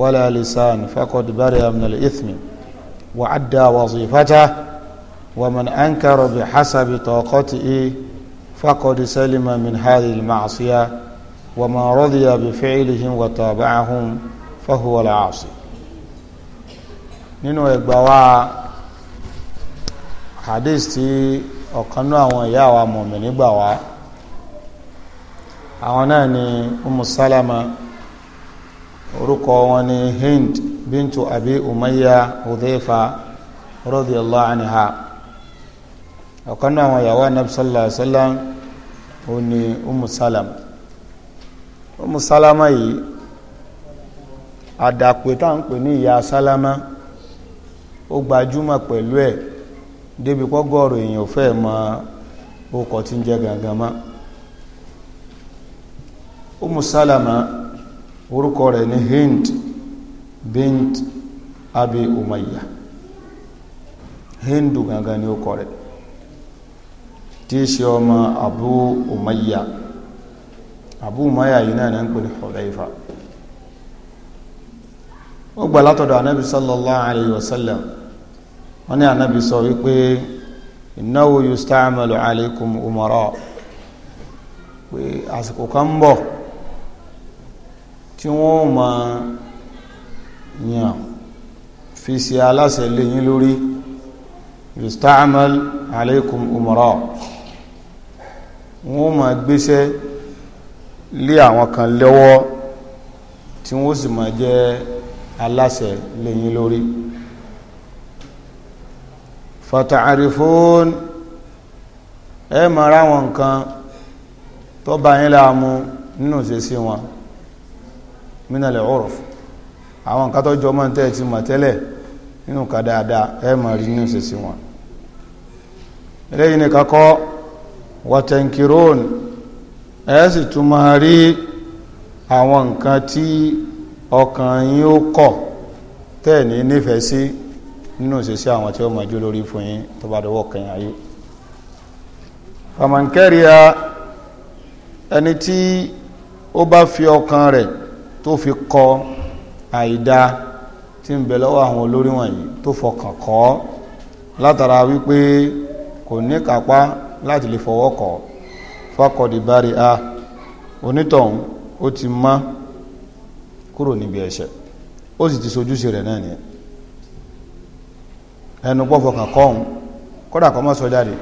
ولا لسان فقد برئ من الإثم وعدى وظيفته ومن أنكر بحسب طاقته فقد سلم من هذه المعصية ومن رضي بفعلهم وتابعهم فهو العاصي nínú ẹgbà wa hadith tí ọ̀kan náà àwọn ìyá wa mọ̀mí nígbà wa àwọn náà ni umu salama orúkọ wọn ni Hind bintu abi umayya hudhaifa radiyallahu anha ọ̀kan náà àwọn ìyàwó anabi sallallahu alayhi wa sallam ó ní umu salama umu salama yìí àdàpè tá à ń pè ní ìyá sálámà ó gbajúmọ̀ pẹ̀lú ẹ̀ débi pọ́gọ́rọ̀ èèyàn fẹ́ mọ ọkọ̀ tí ń jẹ gangan mọ́ umu salama orúkọ rẹ̀ ní hind bint abi umayya hindu gangan ni orúkọ rẹ̀ tí í ṣe ọmọ abu umayya abu umayya yìí náà ní ń pè ní Hudhayfa ó gbà látọ̀dọ̀ anábi sallallahu alayhi wa sallam wọ́n ní anábi sọ wípé innahu yusta'malu alaykum umara pé àsìkò kan bọ̀ tí wọ́n máa yàn fi ṣe aláṣẹ lẹ́yìn lórí yustamal aleikum umara wọ́n máa gbéṣẹ́ lé àwọn kan lọ́wọ́ tí wọ́n sì máa jẹ́ aláṣẹ lẹ́yìn lórí fata'arifun ẹ máa ráwọn nǹkan tó bá yín láàmú nínú ìṣesí wọn mínàlẹ̀ ọ̀rọ̀ àwọn nǹkan tó jọmọ́ tẹ́ ti mọ̀ tẹ́lẹ̀ nínú ka dáadáa ẹ mọ̀ rí nínú sẹ̀sì wọn eléyìí ni kakọ́ wọ́tẹ̀nkìrón ẹ sì tún máa rí àwọn nǹkan tí ọkàn yín ó kọ̀ tẹ́ẹ̀ ní nífẹ̀ẹ́ sí nínú sẹ̀sì àwọn tí ó mọ̀ lórí fún yín tó bá dọwọ́ kẹyìn ayé fàmàǹkẹ́ríà ẹni tí ó bá fi ọkàn rẹ̀ tó fi kọ àìda tí ń bẹ lọ́wọ́ àwọn olórí wọ̀nyí tó fọkàn kọ́ látara wípé kò ní kápá láti lè fọwọ́ kọ́ fákọ̀dì bari a onítọ̀hún ó ti má kúrò níbi ẹ̀ṣẹ̀ ó sì ti sojúṣe rẹ̀ náà nìyẹn ẹnu pọ́ fọkàn kọ́ kódà kọ́ mọ́ sọ jáde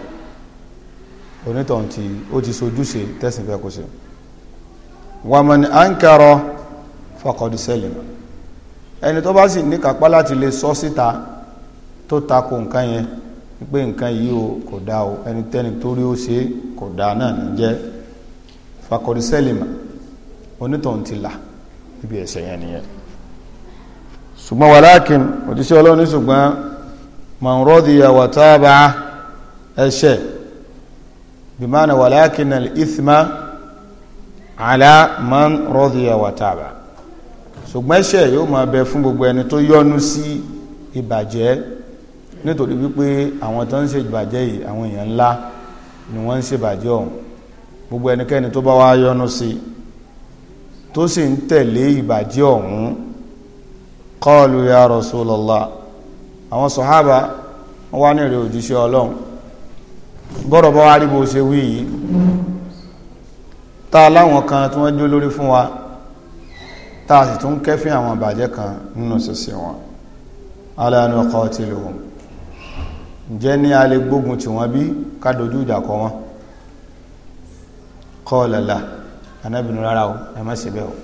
onítọ̀hún ti ó ti sojúṣe tẹ̀sìn fẹ́ kó ṣe wàmọ̀ ni à ń kẹrọ fọkọdí sẹ́lẹ̀ ẹni tó bá sì ní kápá láti lè sọ síta tó tako nǹkan yẹn pé nǹkan yìí o kò dáa o ẹnikẹ́ni tó rí ó ṣe kò dáa náà ní jẹ́ fọkọdí sẹ́lẹ̀ onítọ̀hún ti là níbi ẹ̀ṣẹ̀ yẹn nìyẹn ṣùgbọ́n wàlákin òjíṣẹ́ ọlọ́run ṣùgbọ́n man radiya wa taba'a ẹ̀ṣẹ̀ bimana wàlákin al-ithma ala man radiya wa taba'a ṣùgbọ́n ẹ̀ṣẹ̀ yóò máa bẹ fún gbogbo ẹni tó yọ́nú sí ìbàjẹ́ nítorí wípé àwọn tó ń ṣe ìbàjẹ́ yìí àwọn èèyàn ńlá ni wọ́n ń ṣe ìbàjẹ́ ọ̀hún gbogbo ẹnikẹ́ni tó bá wá yọ́nú sí tó sì ń tẹ̀lé ìbàjẹ́ ọ̀hún qalu ya Rasulullah àwọn sọ̀hábà wọ́n wá nírè òjíṣẹ́ ọlọ́run bọ́rọ̀ bá wá rí bó ṣe wí yìí ta láwọn kan tí wọ́n jó lórí fún wa tá a sì tún kẹ́fín àwọn ìbàjẹ́ kan nínú ṣẹṣẹ wọn aláàánú ọkọ̀ ti lò wọ́n jẹ́ ní a lè gbógun tì wọ́n bí ká dojú ìjà kọ wọ́n kọ́ lọ́la anábìnrin rárá o ẹ má ṣe bẹ́ẹ̀ o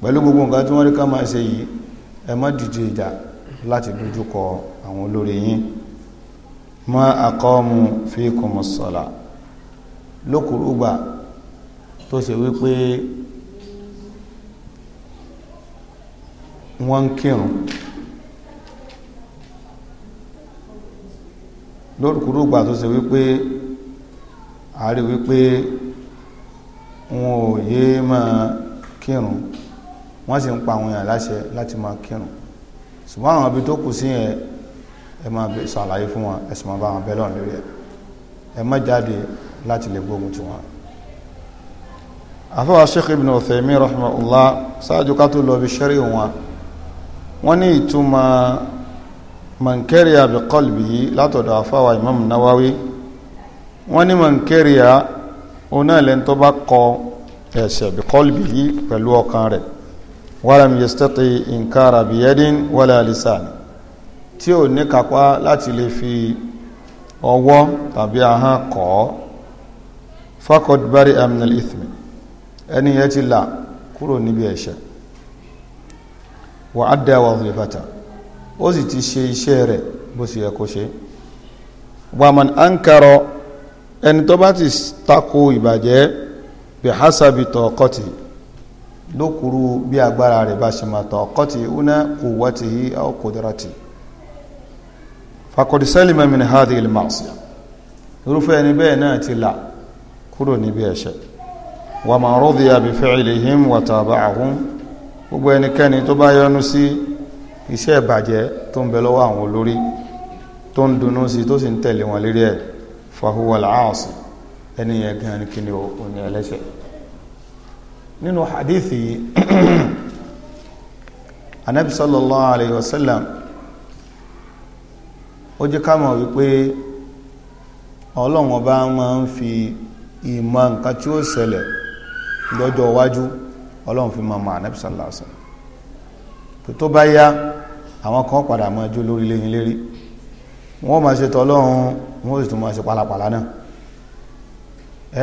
pẹ̀lú gbogbo nǹkan tí wọ́n rí ká máa ṣe yìí ẹ má dìde ìjà láti dojú kọ àwọn olórí yín ma aqamu fiikumus sala lókùrúgbà tó ṣe wípé wọ́n ń kírun lórúkúrúgbà tó ṣe wípé àárí wípé wọn ò yé máa kírun wọ́n sì ń pa àwọn èèyàn láṣẹ láti máa kírun ṣùgbọ́n àwọn ibi tó kù sí yẹn ẹ máa ṣàlàyé fún wọn ẹ sì máa bá wọn bẹ́ẹ̀ lọ́rùn lórí ẹ̀ ẹ má jáde láti lè gbógun ti wọn. àfọwọ́ Sheikh Ibn Uthaymin rahimahullah ṣáájú ká tó lọ bí ṣẹ́rí wọn wọ́n ní ìtumọ̀ mankariya bi qalbihi látọ̀dọ̀ àfáwà imam nawawi wọ́n ní mankariya oná ẹlẹ́ni tó bá kọ ẹ̀ṣẹ̀ bi qalbihi pẹ̀lú ọkàn rẹ̀ walam yastati inkara bi yadin wala tí ò ní kápá láti lè fi ọwọ́ tàbí ahọ́n kọ́ fakod bari amnal ẹni yẹn ti là kúrò níbi ẹ̀ṣẹ̀ wa adda wazifata ó sì ti ṣe iṣẹ́ rẹ̀ bó sì yẹ kó ṣe wa man ankara ẹni tó bá ti tako ìbàjẹ́ bi hasabi taqati lókùrú bí agbára rẹ̀ bá ṣe máa taqati una quwwatihi aw qudratihi faqad salima min hadhihi al-ma'siyah irúfẹ́ ẹni bẹ́ẹ̀ náà ti là kúrò níbi ẹ̀ṣẹ̀ wa man radiya bi fi'lihim wa taba'ahum gbogbo ẹnikẹ́ni tó bá yọnu sí iṣẹ́ ìbàjẹ́ tó ń bẹ lọ́wọ́ àwọn olórí tó ń dunnú sí tó sì ń tẹ̀lé wọn lérí ẹ̀ fahuwal aasi ẹni yẹn gan ni kí ni hadithi anabi sallallahu alayhi wa sallam ó jẹ́ ká mọ̀ wípé ọlọ́run ọba máa ń fi ìmọ̀ nǹkan tí ó ṣẹlẹ̀ lọ́jọ́ iwájú ọlọ́run fi máa mọ ànábì sallallahu alaihi wasallam tó bá yá àwọn kan padà máa jó lórí léyìn lérí wọ́n máa ṣe tọ́lọ́run wọ́n sì tún máa ṣe pálapàla náà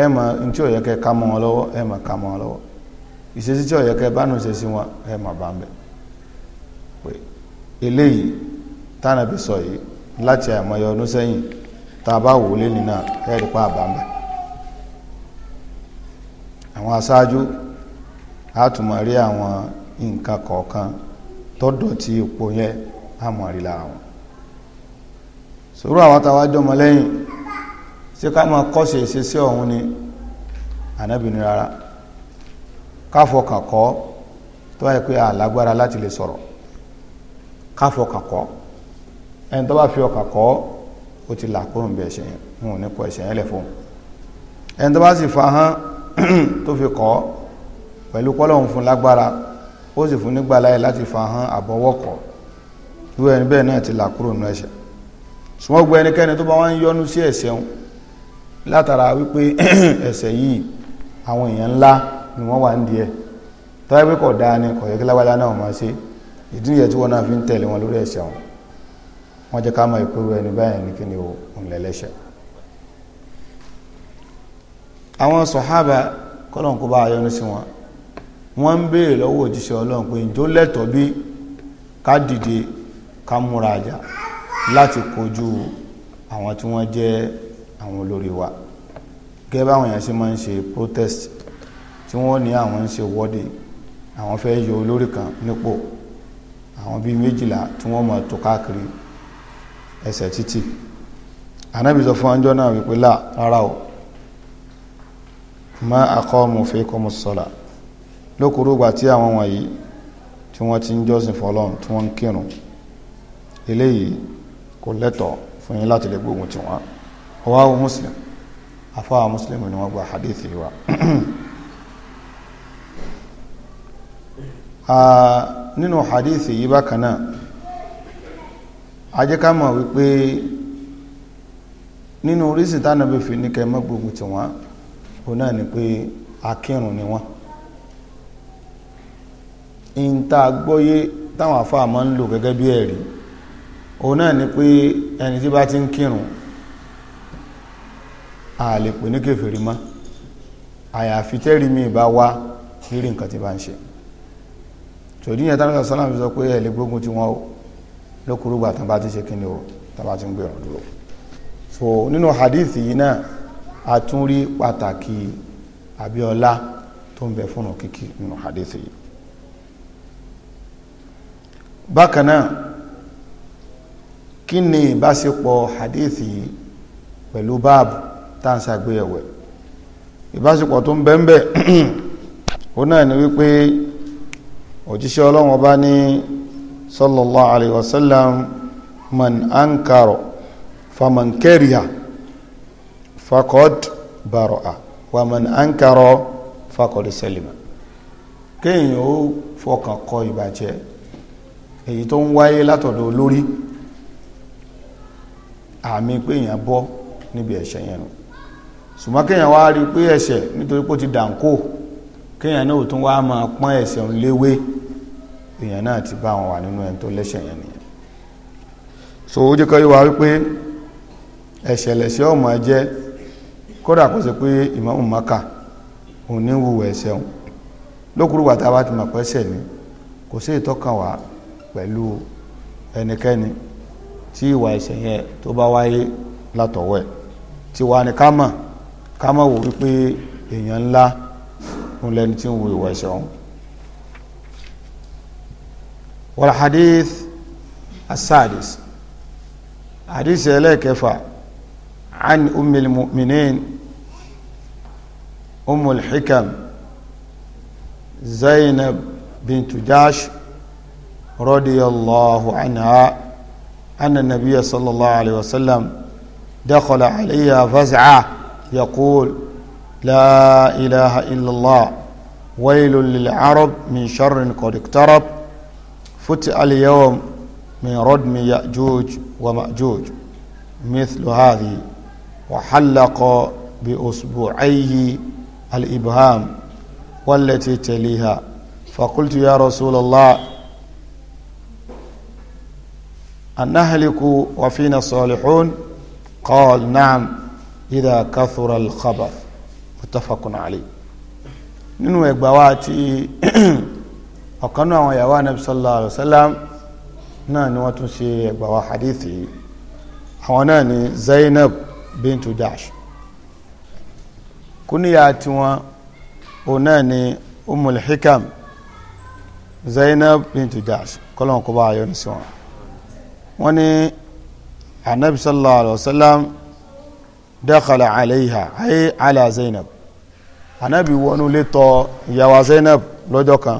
ẹ mọ ní tí ò ká mọ́ wọn lọ́wọ́ ẹ mọ ká mọ́ wọn lọ́wọ́ ìṣesí tí bánú ṣe a tún máa rí àwọn nǹkan kọ̀ọ̀kan tó dọ̀tí ipò yẹn a máa rí lára wọn sòrò àwọn táwa jọmọ lẹ́yìn ṣé ká máa kọ́ṣe ìṣesí ọ̀hún ni ànábì ní rárá káfọkàn kọ́ tó wáyé pé àlágbára láti lè sọ̀rọ̀ káfọkàn kọ́ ẹni tó bá fi ọkàn kọ́ ó ti là kúrò níbi ẹ̀ṣẹ̀ yẹn wọn ò ní kọ ẹ̀ṣẹ̀ yẹn lẹ̀ fún un ẹni tó bá sì fa hán tó fi kọ́ pẹ̀lú pọ́lọ́hún fún lágbára ó sì fún nígbà láyè láti fa hàn àbọ̀wọ́kọ̀ irú ẹni bẹ́ẹ̀ náà ti là kúrò nínú ẹ̀ṣẹ̀ ṣùgbọ́n gbọ́ ẹnikẹ́ni tó bá wá ń yọnu sí ẹ̀ṣẹ̀ wọn látara wípé ẹ̀ṣẹ̀ yìí àwọn èèyàn ńlá ni wọ́n wà ń di ẹ̀ tọ́wọ́ pé kò dáa ni kò yẹ kí lágbájá náà máa ṣe ìdí nìyẹn tí wọ́n náà fi ń tẹ̀lé wọn lórí ẹ̀ṣẹ̀ wọn wọ́n jẹ́ ká mọ ìpérò ẹni báyìí ní kíni o ńlẹ̀lẹ́ṣẹ̀ àwọn sọ̀hábà kọ́lọ́n kó bá yọnu sí wọn wọ́n ń béèrè lọ́wọ́ òjíṣẹ́ ọlọ́run pé njó lẹ́tọ̀ọ́ bí ká dìde ká múra àjà láti kojú àwọn tí wọ́n jẹ́ àwọn olórí wa gẹ́gẹ́ báwọn èèyàn ṣe máa ń ṣe protest tí wọ́n ní àwọn ń ṣe wọ́de àwọn fẹ́ yọ olórí kan nípò àwọn bíi méjìlá tí wọ́n máa tò káàkiri ẹsẹ̀ títì anábì sọ fún ọjọ́ náà wípé là rárá o ma aqamu fikum as-salah lókùrúgbà tí àwọn wọ̀nyí tí wọ́n ti ń jọ́sìn fọlọ́run tí wọ́n ń kírun eléyìí kò lẹ́tọ̀ fún yín láti lè gbógun tí wọ́n ọwọ́ muslim afọ́wà muslim ni wọ́n gba hadithi wa nínú hadithi yìí bákan náà ajẹ́ká mọ̀ wípé nínú orísìí tánàbí fi ní kẹ́ mọ́ gbógun tí wọ́n òun náà ni pé akírun ni wọ́n ìta gbọ́yé táwọn àfáà máa ń lò gẹ́gẹ́ bí ẹ̀rí òun náà ni pé ẹni tí bá ti ń kírun a lè pè ní kèfèrí mọ́ àyàfi tẹ́rí mi bá wá rírí nǹkan tí bá ń ṣe tòdí yẹn tánàkà sálàm fi sọ pé ẹ̀ gbógun tí wọ́n lókùrúgbà tán bá ti ṣe kíni o tán bá ti ń gbé dúró so nínú hadith yìí náà a tún rí pàtàkì àbíọlá tó ń bẹ fún òkìkí nínú hadith yìí bákan náà kí ni ìbáṣepọ̀ hadithi pẹ̀lú báàbù tá à ń ṣàgbéyẹ̀wẹ̀ ìbáṣepọ̀ tó ń bẹ́ńbẹ́ ó náà ni wípé òjíṣẹ́ ọlọ́run ọba ní sallallahu alayhi wa sallam man ankaro faman kariha fakod baro'a wa man ankaro fakod salima kéèyàn ó fọkàn kọ ìbàjẹ́ èyí tó ń wáyé látọ̀dọ̀ olórí àmì pé èèyàn bọ́ níbi ẹ̀ṣẹ̀ yẹn nù ṣùgbọ́n kéèyàn wá rí pé ẹ̀ṣẹ̀ nítorí pé ó ti dànkó kéèyàn náà tún wá máa pọ́n ẹ̀ṣẹ̀ ń léwé èèyàn náà ti bá wọn wà nínú ẹni tó lẹ́ṣẹ̀ yẹn nìyẹn so ó jẹ́ kọ́ yí wa wípé ẹ̀ṣẹ̀ lẹ̀ṣẹ̀ ọmọ jẹ́ kódà kó ṣe pé ìmáàmù Mákà òun ní wùwẹ̀ ẹ̀ṣẹ̀ òun lókùrú wàtá bá ti mọ̀ pẹ́ṣẹ̀ ni kò sí ìtọ́kàn wàá pẹ̀lú ẹnikẹ́ni tí ìwà ẹ̀ṣẹ̀ yẹn tó bá wáyé látọ̀wọ́ ẹ̀ tí wà ní kámọ̀ kámọ̀ wò wípé èèyàn ńlá ń lẹni tí ń wo ìwà ẹ̀ṣẹ̀ ọ̀hún. wal hadith asadis hadith ẹlẹ́ẹ̀kẹfà an ummil mu'minin ummul hikam zainab bintu jash رضي الله عنها أن النبي صلى الله عليه وسلم دخل عليها فزعة يقول لا إله إلا الله ويل للعرب من شر قد اقترب فتئ اليوم من ردم يأجوج ومأجوج مثل هذه وحلق بأصبعيه الإبهام والتي تليها فقلت يا رسول الله أن نهلك وفينا الصالحون قال نعم إذا كثر الخبر متفق عليه nínú ẹgbà wa tí ọ̀kan náà àwọn ìyàwó anabi sallallahu alayhi wa sallam náà ni wọ́n tún ṣe ẹgbà wa hadithi àwọn náà ni Zainab bintu Jahsh kúníyà tiwọn òun náà ni Ummul Hikam Zainab bintu Jahsh kọ́lọ́n kó bá a yọ ní sí wọ́n ní anabi sallallahu alayhi wa sallam dakhala alayha ayé ala zainab anabi wọnú ilé tọ̀ ìyàwó zainab lọ́jọ́ kan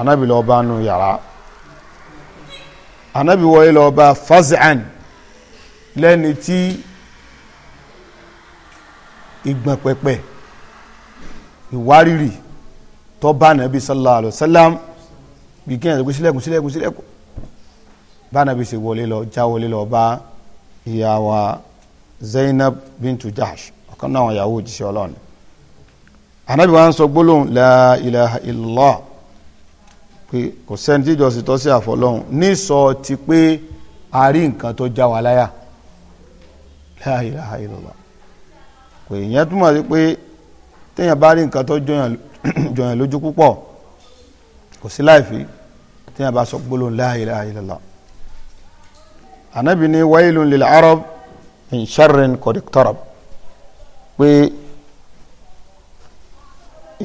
anabi lọ bá nu yàrá anabi wọlé lọ bá fazan lẹ́ni tí ìgbọ̀n pẹ̀pẹ̀ ìwárìrì tó bá anabi sallallahu alayhi wa sallam bí kí ẹ̀ ṣílẹ̀kùn ṣílẹ̀kùn ṣílẹ̀kùn bánabi ṣe wọlé lọ já wọlé lọ bá ìyá Zainab bintu Jahsh ọ̀kan náà àwọn ìyàwó òjíṣẹ́ Ọlọ́run anabi wa ń sọ gbólóhùn la ilaha illallah pé kò sẹ́ni tí ìjọsìn tọ́ sí àfọlọ́hún ní sọ ti pé a rí nǹkan tó já wa láyà la ilaha illallah pé ìyẹn túmọ̀ sí pé téèyàn bá rí nǹkan tó jọyàn lójú púpọ̀ kò sí láìfi téèyàn bá sọ gbólóhùn la ilaha anabi ni wailun lil arab min sharrin qad iqtarab pé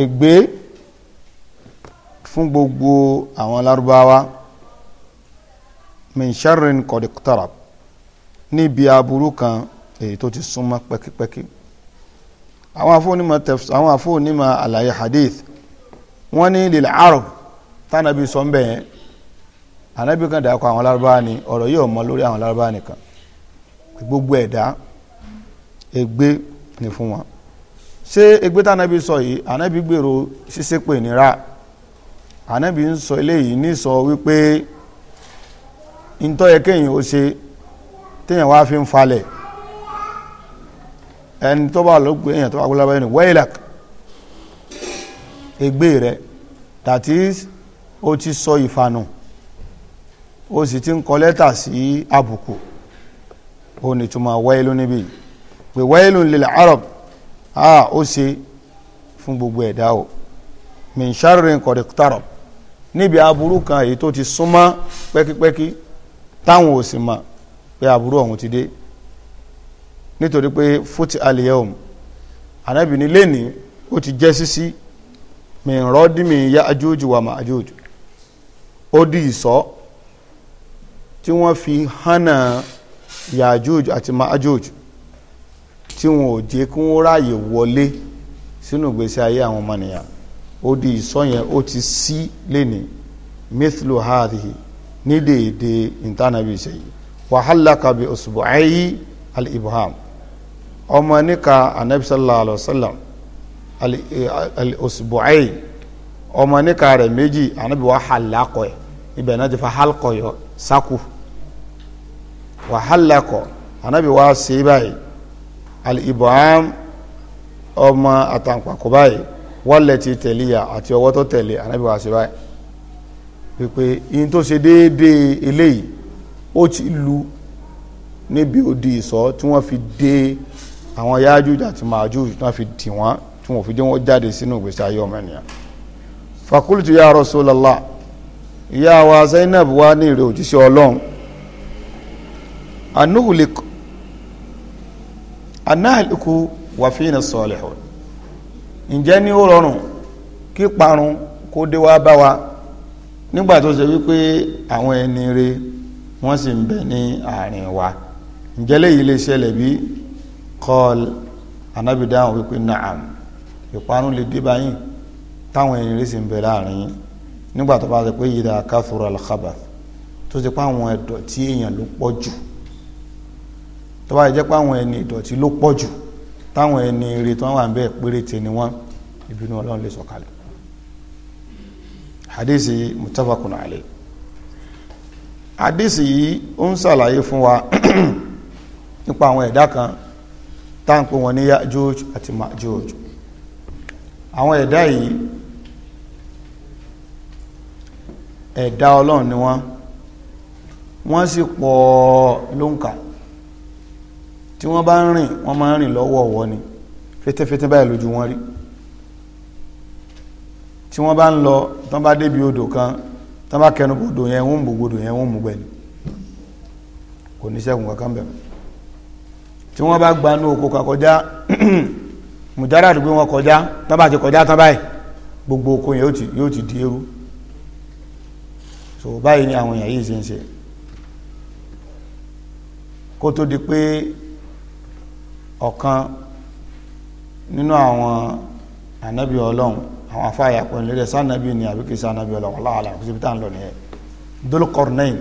ègbé fún gbogbo àwọn Lárúbáwá min sharrin qad iqtarab níbi aburú kan èyí tó ti súnmọ́ pẹ́kípẹ́kí àwọn afọ́nímọ̀ tafsir àwọn afọ́nímọ̀ àlàyé hadith wọ́n lil arab tánàbí sọ́ńbẹ̀yẹn ànábì kan dàkọ àwọn lárúbáwá ni ọ̀rọ̀ yóò mọ lórí àwọn lárúbáwá nìkan gbogbo ẹ̀dá ègbé ni fún wọn ṣé ègbé tànábì sọ yìí ànábì gbèrò ṣíṣépè nira ànábì ń sọ eléyìí ní sọ wípé ntọ́ kéèyàn ó ṣe téèyàn wá fi ń falẹ̀ ẹni tó bá lọ gbé èèyàn tó bá gbé lábẹ́ ni wailak ègbé rẹ̀ that is ó ti sọ ìfanù. So ó sì ti ń kọ lẹ́tà sí àbùkù ó ní túmọ̀ wáyélú níbí pé wáyélú lil arab a ó ṣe fún gbogbo ẹ̀dá o min sharrin qad iqtarab níbi aburú kan èyí tó ti súnmọ́ pẹ́kípẹ́kí táwọn ò sì mọ̀ pé aburú ọ̀hún ti dé nítorí pé fúti al-yawm anábìíní lẹ́ni ó ti jẹ́ sísí min radmi ya'juj wa ma'juj ó di ìsọ́ tí wọ́n fi hánà yajuj àti majuj tí wọn ò jẹ́ kí wọ́n ráàyè wọlé sínú ìgbésí ayé àwọn ọmọnìyàn ó di ìsọ yẹn ó ti sí lẹ́ni mithlu hadhihi ní dèédé ìtànàbí ìṣẹ̀yí wàhálàkà bí usbu'ayi al-ibham ọmọ níka anabi sallallahu alayhi wa sallam ọmọ níka rẹ̀ méjì anabi wa halakọ̀ ẹ̀ ibẹ̀ náà ti fa halkọ̀ yọ sákùú wàhálàkọ̀ anabi wa ṣe báyìí alìbọ̀hám ọmọ àtàǹpàkò báyìí wọ́lẹ̀ ti tẹ̀lé ya àti ọwọ́ tó tẹ̀lé anabi wa ṣe báyìí pípé in tó ṣe déédéé eléyìí ó ti lu níbi odi ìsọ tí wọ́n fi dé àwọn Yájúj àti Májúj tí wọ́n fi dì wọ́n tí wọ́n fi dé wọ́n jáde sínú ìgbésí ayé ọmọ ènìyàn fakultu ya Rasulallah ìyá wa Zainab wa ní ìrè òjíṣẹ́ Ọlọ́run anuhuliku anáhìlìkù wàfíìnà sọ̀lẹ̀hùn ǹjẹ́ ní ó rọrùn kí parun kó dé wá bá wa nígbà tó ṣe wípé àwọn ẹni re wọ́n sì ń bẹ ní àárín wa ǹjẹ́ léyìí lè ṣẹlẹ̀ bí kọ́ọ̀l anábì dáhùn wípé naam ìparun lè dé báyìí táwọn ẹni re sì ń bẹ láàrin yín nígbà tó bá ṣe pé yìí dá káfúrò alkhabath tó ṣe pé àwọn ẹ̀dọ̀ tí èèyàn ló tó bá jẹ́ pé àwọn ẹni ìdọ̀tí ló pọ̀ jù táwọn ẹni ire tó wà ń bẹ́ẹ̀ péréte ni wọ́n ìbínú ọlọ́run lè sọ̀kalẹ̀ hadisi mutafakun alẹ́ hadisi yìí ó ń ṣàlàyé fún wa nípa àwọn ẹ̀dá kan táǹpé wọn ní Yájúj àti Májúj àwọn ẹ̀dá yìí ẹ̀dá ọlọ́run ni wọ́n wọ́n sì pọ̀ lóǹkà tí wọ́n bá ń rìn wọ́n máa ń rìn lọ́wọ́ọ̀wọ́ ni fẹ́tẹ́fẹ́tẹ́ báyìí lójú wọn rí tí wọ́n bá ń lọ tán bá débi odò kan tán bá kẹnu odò yẹn wọ́n mú odò yẹn wọ́n mú gbẹ̀lì kò ní sẹ́gun kankan bẹ̀rẹ̀ tí wọ́n bá gbanú oko kọjá mùjára àdúgbò wọn kọjá tán bá ti kọjá tán báyìí gbogbo oko yẹn yóò ti di eérú so báyìí ni àwọn èèyàn yìí ṣe ń ṣe kó tó di pé ọ̀kan nínú àwọn ànábì ọlọ́run àwọn afáyà pẹ̀lú ẹ̀rẹ́ sànábì ni àbí kìí sànábì ọlọ́run aláàlá kò síbi tá à ń lọ nìyẹn Dhul-Qarnayn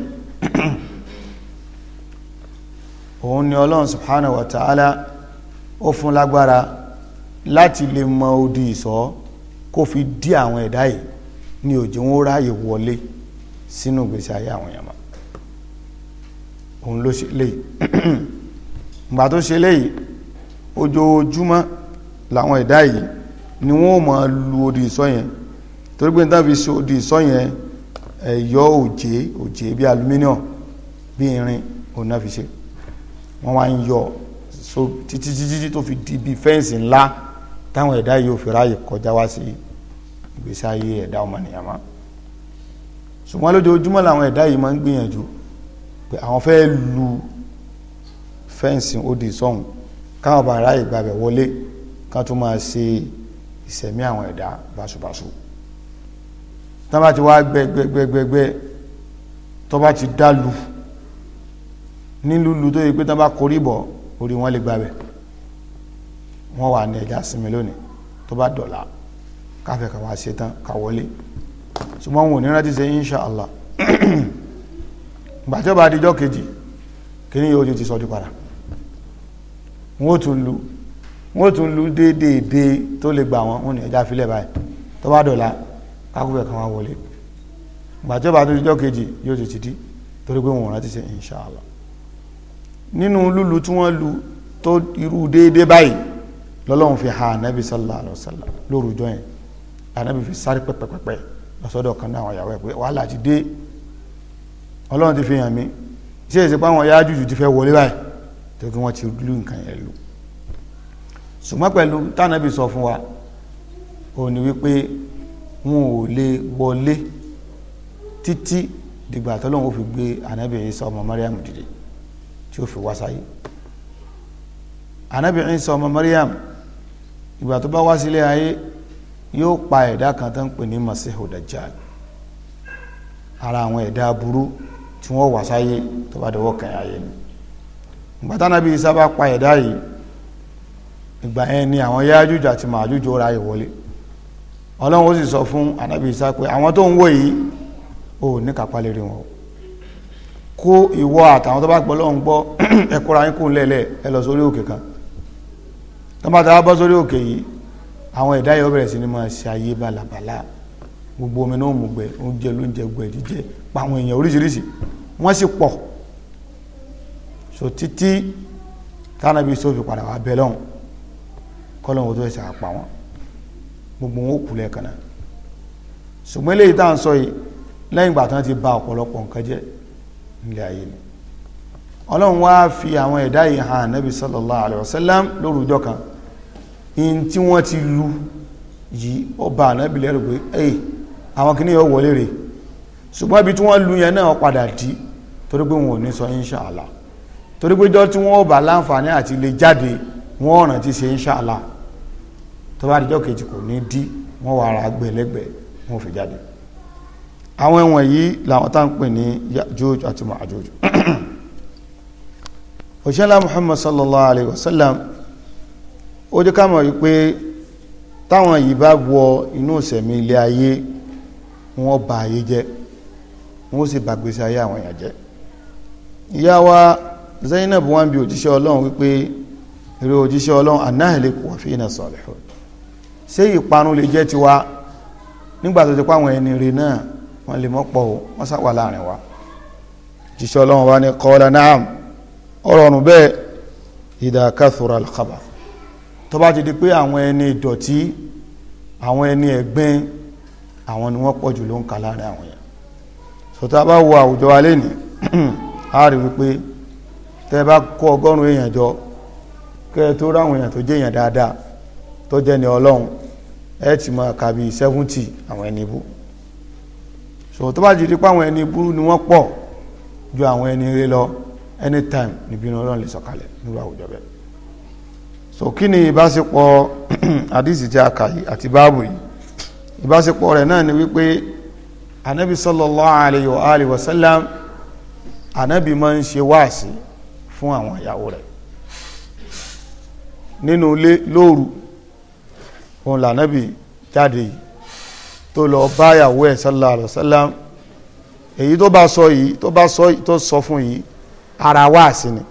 òun ni ọlọ́run subhanahu wa ta'ala ó fún lágbára láti lè mọ odi ìsọ́ kó fi dí àwọn ẹ̀dá yìí ní òjò wọn ráàyè wọlé sínú ìgbésí ayé àwọn yàmá òun ló ṣe léyìí ìgbà tó ṣe léyìí ojoojúmọ́ làwọn ẹ̀dá yìí ni wọ́n máa lu odi ìsọ́ yẹn torí pé níta fi ṣe odi ẹ̀yọ́ òjé òjé bí aluminium bí irin òun náà fi ṣe wọ́n wá ń yọ so títí títí tó fi di bí fẹ́ǹsì ńlá táwọn ẹ̀dá yìí ò fi ráàyè kọjá wá sí ìgbésí ayé ẹ̀dá ọmọnìyàn máa ṣùgbọ́n lójoojúmọ́ làwọn ẹ̀dá yìí máa ń gbìyànjú pé àwọn fẹ́ lu fẹ́ǹsì odi ìsọ́hùn káwọn bá ráyè gbàbẹ̀ wọlé ká tún máa ṣe ìsẹ̀mí àwọn ẹ̀dá báṣubàṣu tá bá ti wá gbẹgbẹgbẹgbẹ tó bá ti dálu nílùú tó yẹ pé tá bá korí bọ̀ orí wọn lè gbàbẹ̀ wọ́n wà ní ẹja sinmi lónìí tó bá dọ̀la káfẹ́ ká wá ṣe tán ká wọlé ṣùgbọ́n wọn ò ní rántí ṣe insha Allah gbàtí bá adijọ́ kejì kí ni yóò ti sọ di padà wọn ò tún lu wọn ò tún lu déédéédé tó lè gbà wọn wọn ní ẹja filẹ̀ báyìí tó bá dọ̀la kákúbẹ̀ kan wá wọlé gbàtí ó bá tó dijọ́ kejì yóò ti ti di torí pé wọn ò rántí ṣe inṣàlá nínú lúlu tí wọ́n lu tó irú déédé báyìí lọ́lọ́run fi ha anabi sallallahu alayhi wa sallam lórúkọ yẹn anabi fi sáré pẹ́pẹ́pẹ́pẹ́ lọ́sọ́dọ̀ kan náà àwọn ìyàwó ẹ̀ pé wàhálà ti dé ọlọ́run ti fi hàn mí ṣé èsì pé àwọn yáájú ju ti fẹ́ wọlé báyìí tó kí wọ́n ti lú nǹkan yẹn lò ṣùgbọ́n pẹ̀lú tánàbí sọ fún wa ó ní wípé wọn ò lè wọlé títí dìgbà tọ́lọ́wọ́n fi gbé ànábì Ìsá ọmọ Mariam dìde tí ó fi wá sáyé ànábì Ìsá ọmọ Mariam ìgbà tó bá wá sílé ayé yóò pa ẹ̀dá kan tó ń pè ní Masihu Dajjal ara àwọn ẹ̀dá aburú tí wọ́n wà sáyé tó bá dọwọ́ kàn ayé ni gbàtánàbí Ìsá bá pa ẹ̀dá yìí ìgbà yẹn ni àwọn Yájújù àti Májújù ra ìwọlé ọlọ́run ó sì sọ fún ànábì Ìsá pé àwọn tó ń wò yìí ò ní kápá lérí wọn kó ìwọ àtàwọn tó bá gbọ́ lọ́hùn gbọ́ ẹ̀kọ́ra yín kùn lẹ́lẹ̀ ẹ lọ sórí òkè kan tó bá tàbá bọ́ sórí òkè yìí àwọn ẹ̀dá yìí ó bẹ̀rẹ̀ sí ni máa ṣe ayé bàlàbàlà gbogbo omi náà mú gbẹ oúnjẹ lóúnjẹ gbẹ jíjẹ pa àwọn èèyàn oríṣiríṣi wọ́n sì pọ̀ so títí tánàbí sófin padà wà bẹ́ẹ̀ lọ́hùn kọ́lọ́hùn tó ẹ̀sẹ̀ àpà wọn gbogbo wọn ó kú lẹ́ẹ̀kan náà ṣùgbọ́n eléyìí tá à ń sọ yìí lẹ́yìn ìgbà tán ti ba ọ̀pọ̀lọpọ̀ nǹkan jẹ́ nílé ayé ni ọlọ́run wá fi àwọn ẹ̀dá yìí hàn nábì sallallahu alayhi wa sallam lórúkọ kan in tí wọ́n ti lu yìí ó ba ànábì lẹ́rù pé ẹ̀ àwọn kìíní yóò wọlé rè ṣùgbọ́n ibi tí wọ́n lu yẹn náà padà dí torí pé wọn ò ní sọ insha torí pé dọ́tí wọn ò bá láǹfààní àti lè jáde wọn ọ̀ràn ti ṣe inshallah tó bá dijọ́ kejì kò ní dí wọn wà ara gbẹ̀lẹ́gbẹ̀ wọn ò fi jáde àwọn ẹ̀wọ̀n yìí làwọn tá ń pè ní Ya'juj àti Ma'juj òṣèlá Muhammad sallallahu alayhi wa sallam ó jẹ́ ká mọ̀ wípé táwọn yìí bá wọ inú ìsẹ̀mí ilé ayé wọn bà ayé jẹ́ wọn ó sì bàgbèsè ayé àwọn èèyàn jẹ́ ìyá wa Zainab wọ́n bí òjíṣẹ́ Ọlọ́run wípé eré òjíṣẹ́ Ọlọ́run anáhìlẹ̀ kò wà fínà sọ̀rọ̀ ṣé ìparun lè jẹ́ tiwa nígbà tó ti pa àwọn ẹni rè náà wọ́n lè mọ́pọ̀ o wọ́n sáwà láàrin wa òjíṣẹ́ Ọlọ́run wa ní kọ́ọ̀lá náà ọ̀rọ̀ ọ̀run bẹ́ẹ̀ ìdàkàtúrà al-khabath tó bá ti di pé àwọn ẹni ìdọ̀tí àwọn ẹni ẹ̀gbin àwọn ni wọ́n pọ̀ jù ló ń kà láàrin àwọn yẹn sọ̀tà tẹ́ bá kó ọgọ́rùn èèyàn jọ kẹ́ ẹ tó ráwọn èèyàn tó jẹ́ èèyàn dáadáa tó jẹ́ ní ọlọ́run ẹ ti máa kà bíi seventy àwọn ẹni bú so tó bá jìdí pé àwọn ẹni bú ni wọ́n pọ̀ ju àwọn ẹni rere lọ anytime níbi iná ọlọ́run lè sọ̀kalẹ̀ nírú àwùjọ bẹ́ẹ̀ so kí ni ìbáṣepọ̀ àdìsí tí a kà yìí àti báàbù yìí ìbáṣepọ̀ rẹ̀ náà ni wípé anabi sallallahu alayhi wa alihi wa sallam anabi máa ń ṣe wáàsí fún àwọn ìyàwó rẹ̀ nínú ilé lóru òun lànàbì jáde yìí tó lọ bá ìyàwó ẹ̀ sallallahu alaihi wasallam èyí tó bá sọ yìí tó bá sọ tó sọ fún yìí ara wáàsí ni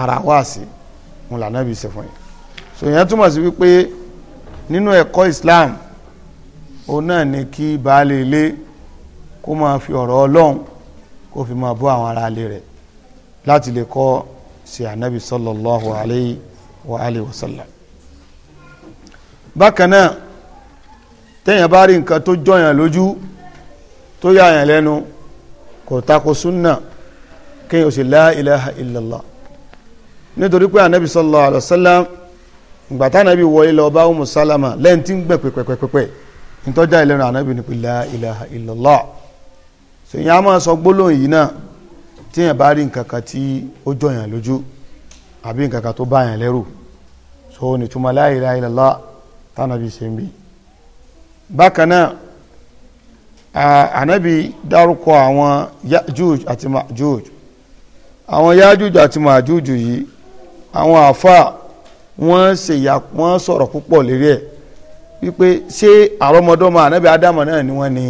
ara wáàsí òun lànàbì ṣe fún yìí so ìyẹn túmọ̀ sí wípé nínú ẹ̀kọ́ Islam òun náà ni kí baálé ilé kó máa fi ọ̀rọ̀ ọlọ́run kó fi máa bọ́ àwọn ará ilé rẹ̀ láti lè kọ́ sí anabi sallallahu alayhi wa alayhi wa sallam. bákan náà téèyàn bá rí nǹkan tó jọyàn lójú tó yàyàn lẹ́nu kò tako sunna kéèyàn sì la ilaha illallah nítorí pé anabi sallallahu alayhi wa sallam ìgbà tánabi wọlé lọ bá umu salama lẹ́yìn tí ń gbẹ pẹ́pẹ́pẹ́pẹ́ nítọ́jà ìlẹ́nu anabi ní pé la ilaha illallah sèyàn á máa sọ gbólóhùn yìí náà téèyàn bá rí nǹkan kan tí ó jọyàn lójú àbí nǹkan kan tó bá yàn lẹ́rù so ní túmọ̀ la ilaha illallah tánàbí ṣe ń bí. bákan náà ànábì dárúkọ àwọn yájúj àti májúj àwọn yájúj àti májúj yìí àwọn àáfàá wọ́n ṣe ìyá wọ́n sọ̀rọ̀ púpọ̀ lérí ẹ̀ wípé ṣé àrọ́mọdọ́mọ ànábì ádámọ̀ náà ni wọ́n ni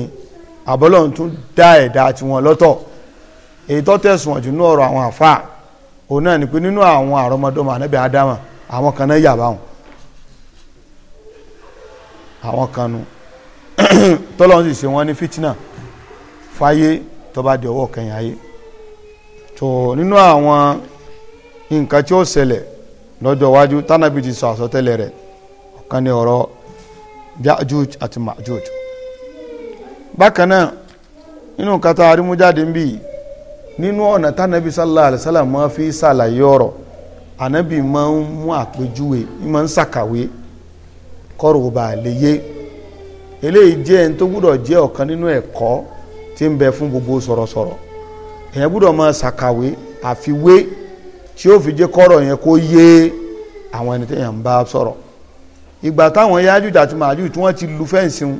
àbọ́lọ́hún tún dá ẹ̀dá tiwọn lọ́tọ̀ èyí tó tẹ̀sùn ọ̀jù nínú ọ̀rọ̀ àwọn àfa òun náà ni pé nínú àwọn àrọmọdọ́mọ ànábì ádámà àwọn kan náà yà báwọn àwọn kan nu tọ́lọ́run sì ṣe wọ́n ní fìtínà fáyé tó di ọwọ́ kẹyìn ayé tó nínú àwọn nǹkan tí ó ṣẹlẹ̀ lọ́jọ́ iwájú tánàbí ti sọ àsọtẹ́lẹ̀ rẹ̀ ọ̀kan ní ọ̀rọ̀ àti Ma'juj bákan náà nínú nǹkan tá ń nínú ọ̀nà tánàbí sallallahu alayhi wa sallam máa fi ṣàlàyé ọ̀rọ̀ ànábì máa ń mú àpèjúwe máa ń ṣàkàwé kọ́rọ̀ bá lè yé eléyìí jẹ́ ẹni tó gbúdọ̀ jẹ́ ọ̀kan nínú ẹ̀kọ́ tí ń bẹ fún gbogbo sọ̀rọ̀sọ̀rọ̀ èèyàn gbúdọ̀ máa ṣàkàwé àfiwé tí ó fi jẹ́ kọ́rọ̀ yẹn kó yé àwọn ẹni tẹ́yàn ń bá sọ̀rọ̀ ìgbà táwọn Yájúj àti Májúj tí wọ́n ti lu fẹ́ǹsì wọn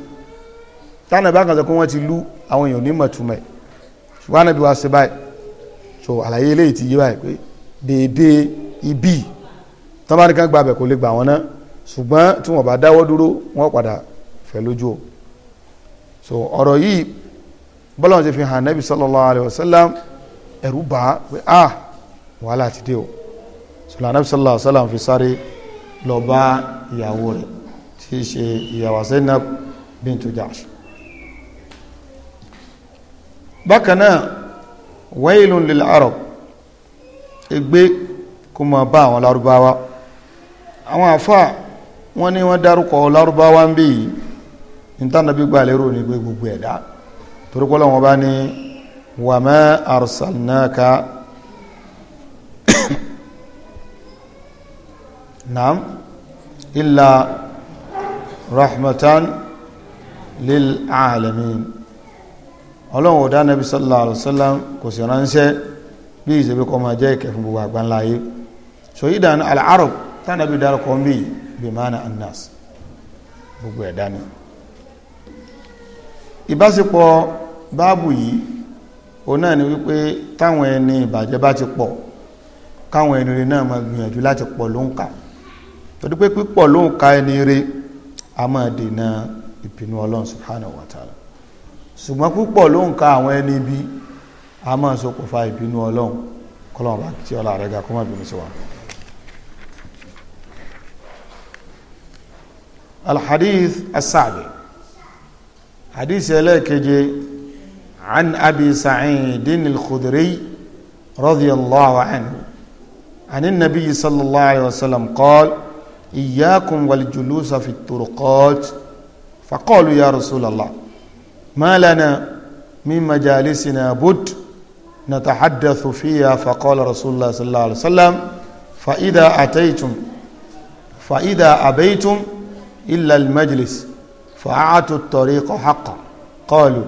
tánàbí àkànṣe kó wọ́n ti lu àwọn èèyàn onímọ̀túmẹ̀ ṣùgbọ́n ànábì so àlàyé eléyìí ti yí báyìí pé déédéé ibi tọ́mọ́nìkan gba abẹ kò lè gbà wọ́n ná ṣùgbọ́n tí wọ́n bá dáwọ́ dúró wọ́n padà fẹ́ lójú o so ọ̀rọ̀ yìí bọ́lá wọn ti fi hàn nẹ́bí sallallahu alayhi wa sallam ẹ̀rù bá pé ah wàhálà ti dé o sọlá nẹ́bí sallallahu alayhi wa sallam fi sáré lọ bá ìyàwó rẹ̀ tí í ṣe ìyàwó Zainab bintu Jahsh bákan náà wailun lil arab ègbé kó máa bá àwọn lárúbáwá àwọn àfáà wọ́n ní wọ́n dárúkọ lárúbáwá ń bí yìí nítànàbí gbà lérò ní gbé gbogbo ẹ̀dá torípọ́ lọ́wọ́ bá ní wa ma arsalnaka naam illa rahmatan lil alamin ọlọ́run ọ̀dá nàbí sallallahu alaihi wasallam kò sì ránṣẹ́ bí ìṣẹ́bí kọ́ máa jẹ́ ìkẹ́ fún gbogbo àgbáńlá ayé so yìí dànù al-arab tánàbí dárúkọ ń bí bí mana annas gbogbo ẹ̀dá ni ìbáṣepọ̀ báàbù yìí òun náà ni wípé táwọn ẹni ìbàjẹ́ bá ti pọ̀ káwọn ẹni rẹ náà máa gbìyànjú láti pọ̀ ló ń kà torí pé pípọ̀ ló ń ka ẹni rẹ a máa dènà ìpinnu ọlọ́run subhanahu wa ta'ala ṣùgbọ́n púpọ̀ ló ń ka àwọn ẹni bí a máa ṣokùnfà ìbínú ọlọ́run kọ́lọ́run bá tí ọlá rẹ̀ ga kó má bínú sí wa alhadith asabi hadith ẹlẹ́ẹ̀keje an abi sa'idin al-khudri radiyallahu anhu عن النبي صلى الله عليه وسلم قال إياكم والجلوس في الطرقات فقالوا يا رسول الله ما لنا من مجالسنا بد نتحدث فيها فقال رسول الله صلى الله عليه وسلم فإذا أتيتم فإذا أبيتم إلا المجلس فأعطوا الطريق حقا قالوا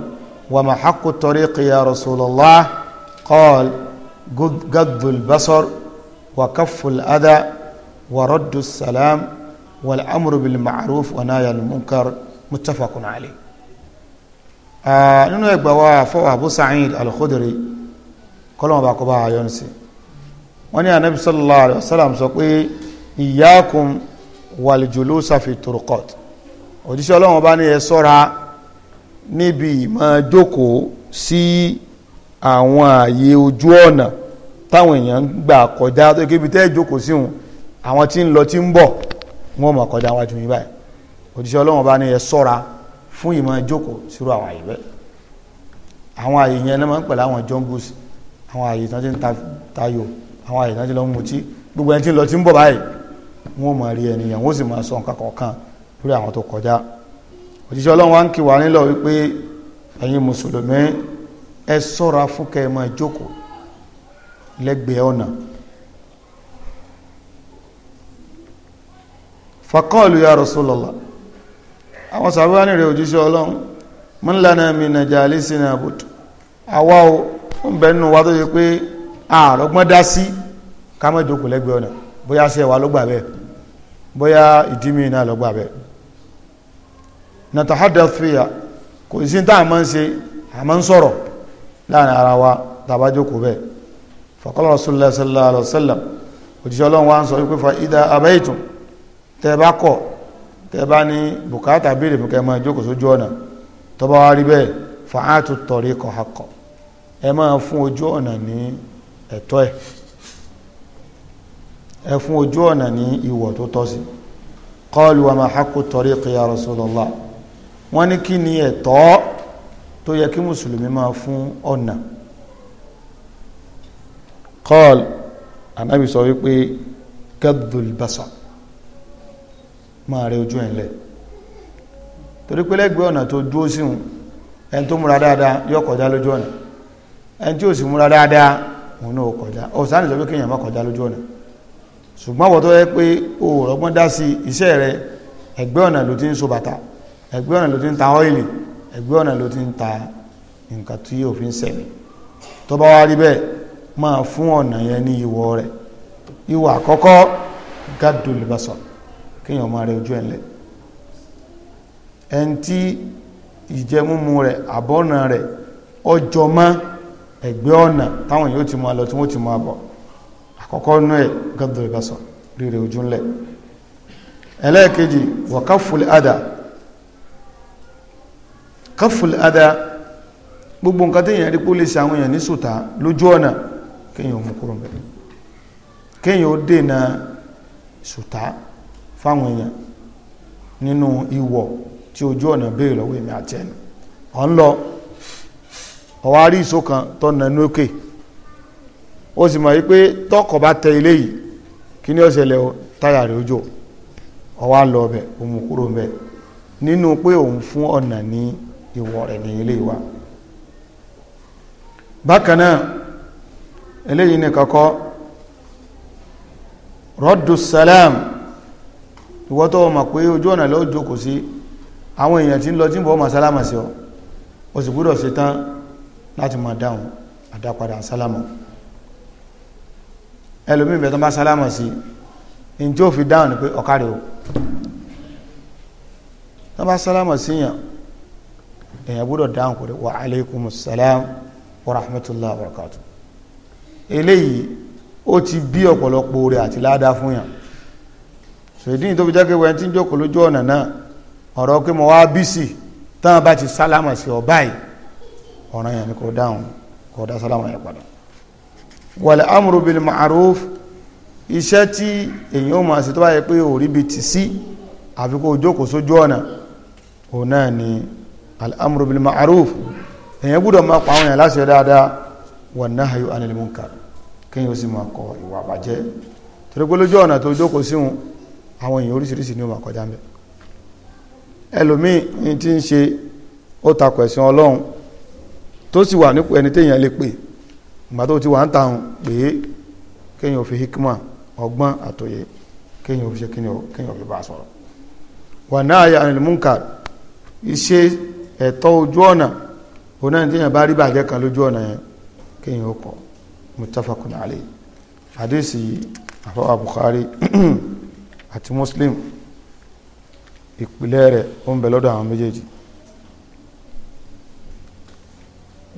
وما حق الطريق يا رسول الله قال غض البصر وكف الأذى ورد السلام والأمر بالمعروف ونهي المنكر متفق عليه Ah, nínú ẹgbà wa fọwọ́ Abu Sa'id al-Khudri kọ́lọ́mù bá kọ́ bá ayọ́ ní sí wọ́n ní anabi sallallahu alayhi wa sallam sọ pé iyyakum wal julusa fi turuqat òjíṣẹ́ ọlọ́run bá ní ẹ sọ́ra níbi ìmọ̀ jókòó sí àwọn ààyè ojú ọ̀nà táwọn èèyàn ń gbà kọjá tó kébi tẹ́ jókòó sí wọn àwọn tí ń lọ tí ń bọ̀ wọn mọ̀ kọjá wájú yín báyìí òjíṣẹ́ ọlọ́run bá ní ẹ sọ́ra fún ìmọ̀ jókòó sírò àwọn àyè bẹ́ẹ̀ àwọn àyè yẹn náà máa ń pẹ̀lú àwọn jungles àwọn àyè tán ń tayò àwọn àyè tán ti mutí gbogbo ẹni tí ń lọ tí ń bọ̀ báyìí wọn máa rí ẹni yẹn sì máa sọ nǹkan kọ̀ọ̀kan lórí àwọn tó kọjá òjíṣẹ́ ọlọ́run wa ń kí wa nílọ wípé ẹ̀yin mùsùlùmí ẹ sọ́ra fún ẹ máa jókòó lẹ́gbẹ̀ẹ́ ọ̀nà faqalu ya Rasulullah àwọn sàbúrà ní rẹ̀ òjíṣẹ́ ọlọ́run man lana min najalisina bud àwa o ó ń bẹ nínú wa tó ṣe pé àrọ́gbọ́n dá sí ká má jókòó lẹ́gbẹ̀ẹ́ ọ̀nà bóyá sí ẹwà lọ́gbà bẹ́ẹ̀ bóyá ìdí mi náà lọ́gbà bẹ́ẹ̀ kò sí tá a ń ṣe a ń sọ̀rọ̀ láàrin ara wa tàbá bẹ́ẹ̀ faqala sallallahu alaihi wasallam òjíṣẹ́ ọlọ́run wa ń sọ wípé fa tẹ́ bá ní bùkátà béèrè fún kẹ́ máa jókòó sójú ọ̀nà tó bá wá rí bẹ́ẹ̀ fa'atu tariqa haqqo ẹ máa fún ojú ọ̀nà ní ẹ̀tọ́ ẹ̀ ẹ fún ojú ọ̀nà ní ìwọ̀ tó tọ́ sí qalu wa ma haqqu tariqi ya wọ́n ní kí ni ẹ̀tọ́ tó yẹ kí mùsùlùmí máa fún ọ̀nà qal anábì wípé kadhul máa rẹ ojú ẹ̀ ńlẹ̀ torí pé lẹ́gbẹ̀ẹ́ ọ̀nà tó dúró sí wọn ẹni tó múra dáadáa yóò kọjá lójú ọ̀nà ẹni tí ò sì múra dáadáa òun náà kọjá ọ̀sán nìjọ́ kéèyàn má kọjá lójú ọ̀nà ṣùgbọ́n àwọn tó yẹ pé o ò rọ́gbọ́n dá sí iṣẹ́ rẹ ẹgbẹ́ ọ̀nà ló ti ń so bàtà ẹgbẹ́ ọ̀nà ló ti ń ta ọ́ìlì ẹgbẹ́ ọ̀nà ló ti ń ta nǹkan tí yóò fi ń sẹ̀mí tó bá wá rí bẹ́ẹ̀ máa fún ọ̀nà yẹn ní ìwọ rẹ̀ ìwọ àkọ́kọ́ gádùn lè bá sọ̀rọ̀ kéèyàn máa rẹ ojú ẹ̀ lẹ̀ ẹni tí ìjẹmúmu rẹ̀ àbọ̀nà rẹ̀ ọjọ́ mọ́ ẹ̀gbẹ́ ọ̀nà táwọn yóò ti máa lọ tí wọ́n ti máa bọ̀ àkọ́kọ́ nú ẹ̀ gọ́dọ̀rẹ̀ bá sọ rírẹ̀ ojú ńlẹ̀ ẹlẹ́ẹ̀kejì wọ̀ káfùlẹ̀ àdà káfùlẹ̀ àdà gbogbo nǹkan téèyàn rí pé ó lè ṣe àwọn èèyàn ní sùtà lójú ọ̀nà kéèyàn mú kúrò bẹ̀rẹ̀ kéèyàn dènà sùtà fáwọn èèyàn nínú ìwọ̀ tí ojú ọ̀nà béèrè lọ́wọ́ èmi àti ẹnu ọ̀ ń lọ ọ̀wá rí kan tó na ní òkè ó sì mọ̀ wípé bá tẹ ilé kí ni o táyà rẹ̀ ojú ọ̀wá lọ ọbẹ̀ òun kúrò ńbẹ̀ nínú pé òun fún ọ̀nà ní ìwọ̀ rẹ̀ ní ilé wa bákan náà eléyìí ni kọ́kọ́ rọ́dù ìwọ́ tó mọ̀ pé ojú ọ̀nà lọ́ọ́ jókòó sí àwọn èèyàn tí ń lọ tí ń bọ̀ ọmọ sálámà sí ọ o sì gbúdọ̀ ṣe tán láti máa dáhùn àdápadà sálámà ẹlòmíì bẹ̀ tán bá sálámà sí ní tí ó fi dáhùn ni pé ọ̀kárẹ̀ o tán bá sálámà sí yàn èèyàn gbúdọ̀ dáhùn kò rí wa aleykum salam wa rahmatulah wa barakatu eléyìí ó ti bí ọ̀pọ̀lọpọ̀ oore àti ládàá fún yàn sòdí ní tó wẹ́n tí ń jókòó lójú ọ̀nà náà ọ̀rọ̀ pé mo wá bísì táwọn bá ti sálámà sí ọ báyìí ọ̀ràn yẹn ni kò dáhùn kò dá sálámà yẹn padà wal amru bil ma'ruf iṣẹ́ tí èyàn máa ṣe tó bá yẹ pé ò rí bi ti sí àfi kó jókòó sójú ọ̀nà òun náà ni al amru bil ma'ruf èyàn gbúdọ̀ máa pa àwọn èèyàn láṣẹ dáadáa wan nahyu anil munkar kéèyàn ó sì máa kọ ìwà àbàjẹ́ torí pé lójú ọ̀nà tó jókòó síhun àwọn èèyàn oríṣiríṣi ni ó máa kọjá mẹ́ ẹlòmíì ní tí ń ṣe ó takò ẹ̀sìn ọlọ́run tó sì wà nípò ẹni téèyàn lè pè ìgbà tó ti wà ń tàun pé kéèyàn fi hikma ọgbọ́n àtòyè kéèyàn fi ṣe kéèyàn fi bá sọ̀rọ̀ wà náà yà ní munkar iṣẹ́ ẹ̀tọ́ ojú ọ̀nà òun náà téèyàn bá rí bàjẹ́ kan lójú ọ̀nà yẹn kéèyàn ó kọ́ mutafakun alayhi hadisi yìí àfọwà Bukhari àti muslim ìpìlẹ̀ rẹ̀ ó ń bẹ lọ́dọ̀ àwọn méjèèjì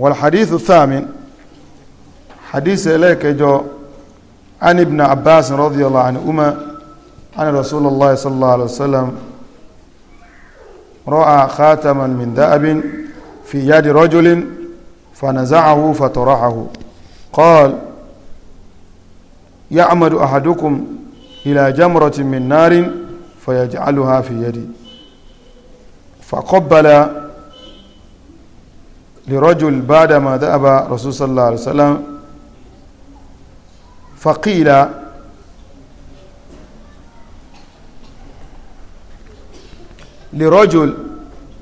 wal hadithu thamin hadith ẹlẹ́ẹ̀kẹjọ an ibn abbas radiyallahu anhuma an rasulullah sallallahu alaihi wasallam ra'a khataman min da'abin fi yadi rajulin فنزعه fatarahahu قال يعمد ahadukum ila jamrati min narin fayaj'aluha fi yadi faqabbala lirajul ba'da ma dhahaba rasul sallallahu alaihi wasallam faqila lirajul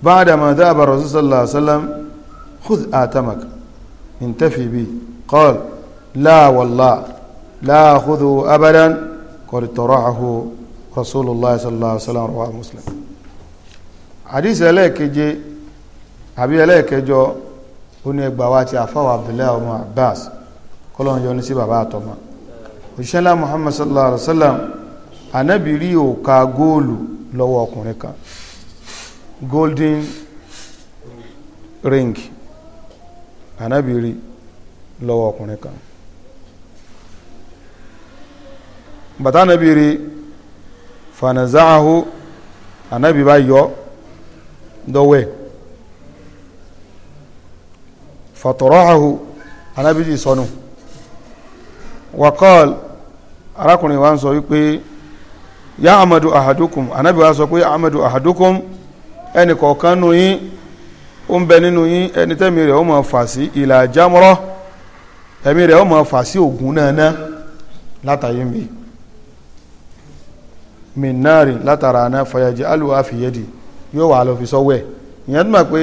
ba'da ma dhahaba rasul sallallahu alaihi wasallam خذ آتمك انتفي بي قال لا والله لا أخذه أبدا قد طرحه رسول الله صلى الله عليه وسلم رواه مسلم حديث ẹlẹ́ẹ̀keje àbí ẹlẹ́ẹ̀kẹjọ ó ní ẹgbà wa ti àfáwà abdullahi ọmọ abbas kọlọ́n yọ ní sí bàbá àtọmọ òṣìṣẹ́lá muhammad sallallahu alaihi wasallam anábì rí òka góòlù lọ́wọ́ ọkùnrin kan golden ring anábì rí lọ́wọ́ ọkùnrin kan bàtà anabi rí fanazahu anabi bá yọ dọwẹ fatọrọhahu anabi sì sọnù wakọl arákùnrin wa ń sọ ya amadu ahadukum anabi wa sọ pé amadu ahadukum ẹnì kọ̀ọ̀kan nù yín ó ń bẹ nínú yín ẹni tẹ́mi rẹ̀ ó máa fà sí ìlà jámọ́rọ́ ẹ̀mí rẹ̀ ó máa fà sí ògùn náà ná látàyé mi min nari látara aná fayajì alùwà fìyẹ́dì yóò wà lọ fi sọ́wọ́ ẹ̀ ìyẹn tó mọ̀ pé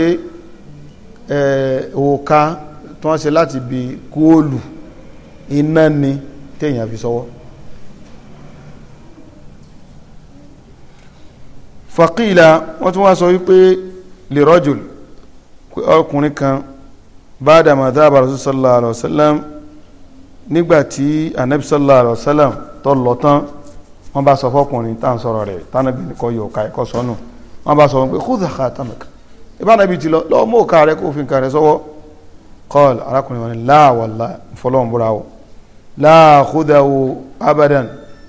òòka tí wọ́n ṣe láti bi góòlù iná ni téèyàn fi sọ́wọ́. fàkìlà wọ́n tún wá sọ wípé lè rọ́jùl ọkùnrin kan bá dàmà dábà rasul sallallahu alayhi sallam nígbà tí anabi sallallahu alayhi wa sallam tó lọ wọ́n bá sọ fọkùnrin tá à ń sọ̀rọ̀ rẹ̀ tánàbí ni kò yọ ọ̀ka ẹ̀kọ́ sọnù wọ́n bá sọ wọn pé khudha khatamak ìbánabí ti lọ lọ́ọ́ mú òkà rẹ kó fi nǹkan rẹ sọ́wọ́ kọ́ọ̀l arákùnrin wọn ni la wallahi fọlọ́n búra o la khudahu abadan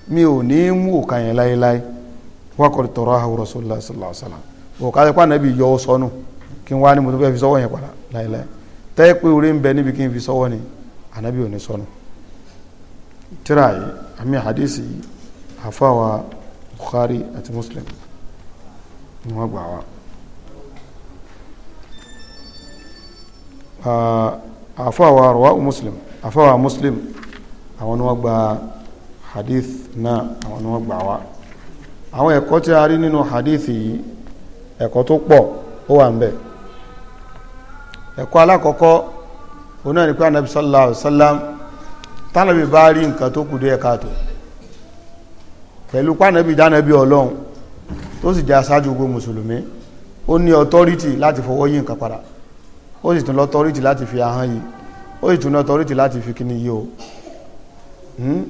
mi ò ní mú òkà yẹn láéláé wọ́n kọ́ tọrọ àwọn rasulullah òkà rẹ pa nàbí yọ ọ kí n wá ní mo tó fẹ́ fi sọ́wọ́ yẹn padà láéláé àfáwà Bukhari àti Muslim ni wọ́n gbà wá ah, àfáwà rọwà Muslim àfáwà Muslim àwọn ni wọ́n gbà hadith náà àwọn ni wọ́n gbà wá àwọn ẹ̀kọ́ tí a rí nínú hadith yìí ẹ̀kọ́ tó pọ̀ ó wà ń bẹ ẹ̀kọ́ alákọ̀ọ́kọ́ onáà ní pé anabi sallallahu alaihi wa sallam tánàbí bá rí nǹkan tó kù dé ẹ̀ka tó pẹ̀lú pánẹ́bì dánẹ́bì ọlọ́run tó sì jẹ́ aṣáájú gbogbo mùsùlùmí ó ní ọtọ́rítì láti fọwọ́ yí nǹkan padà ó sì tún lọ́tọ́rítì láti fi ahọ́n yìí ó sì tún ní ọtọ́rítì láti fi kíní yìí o hmm?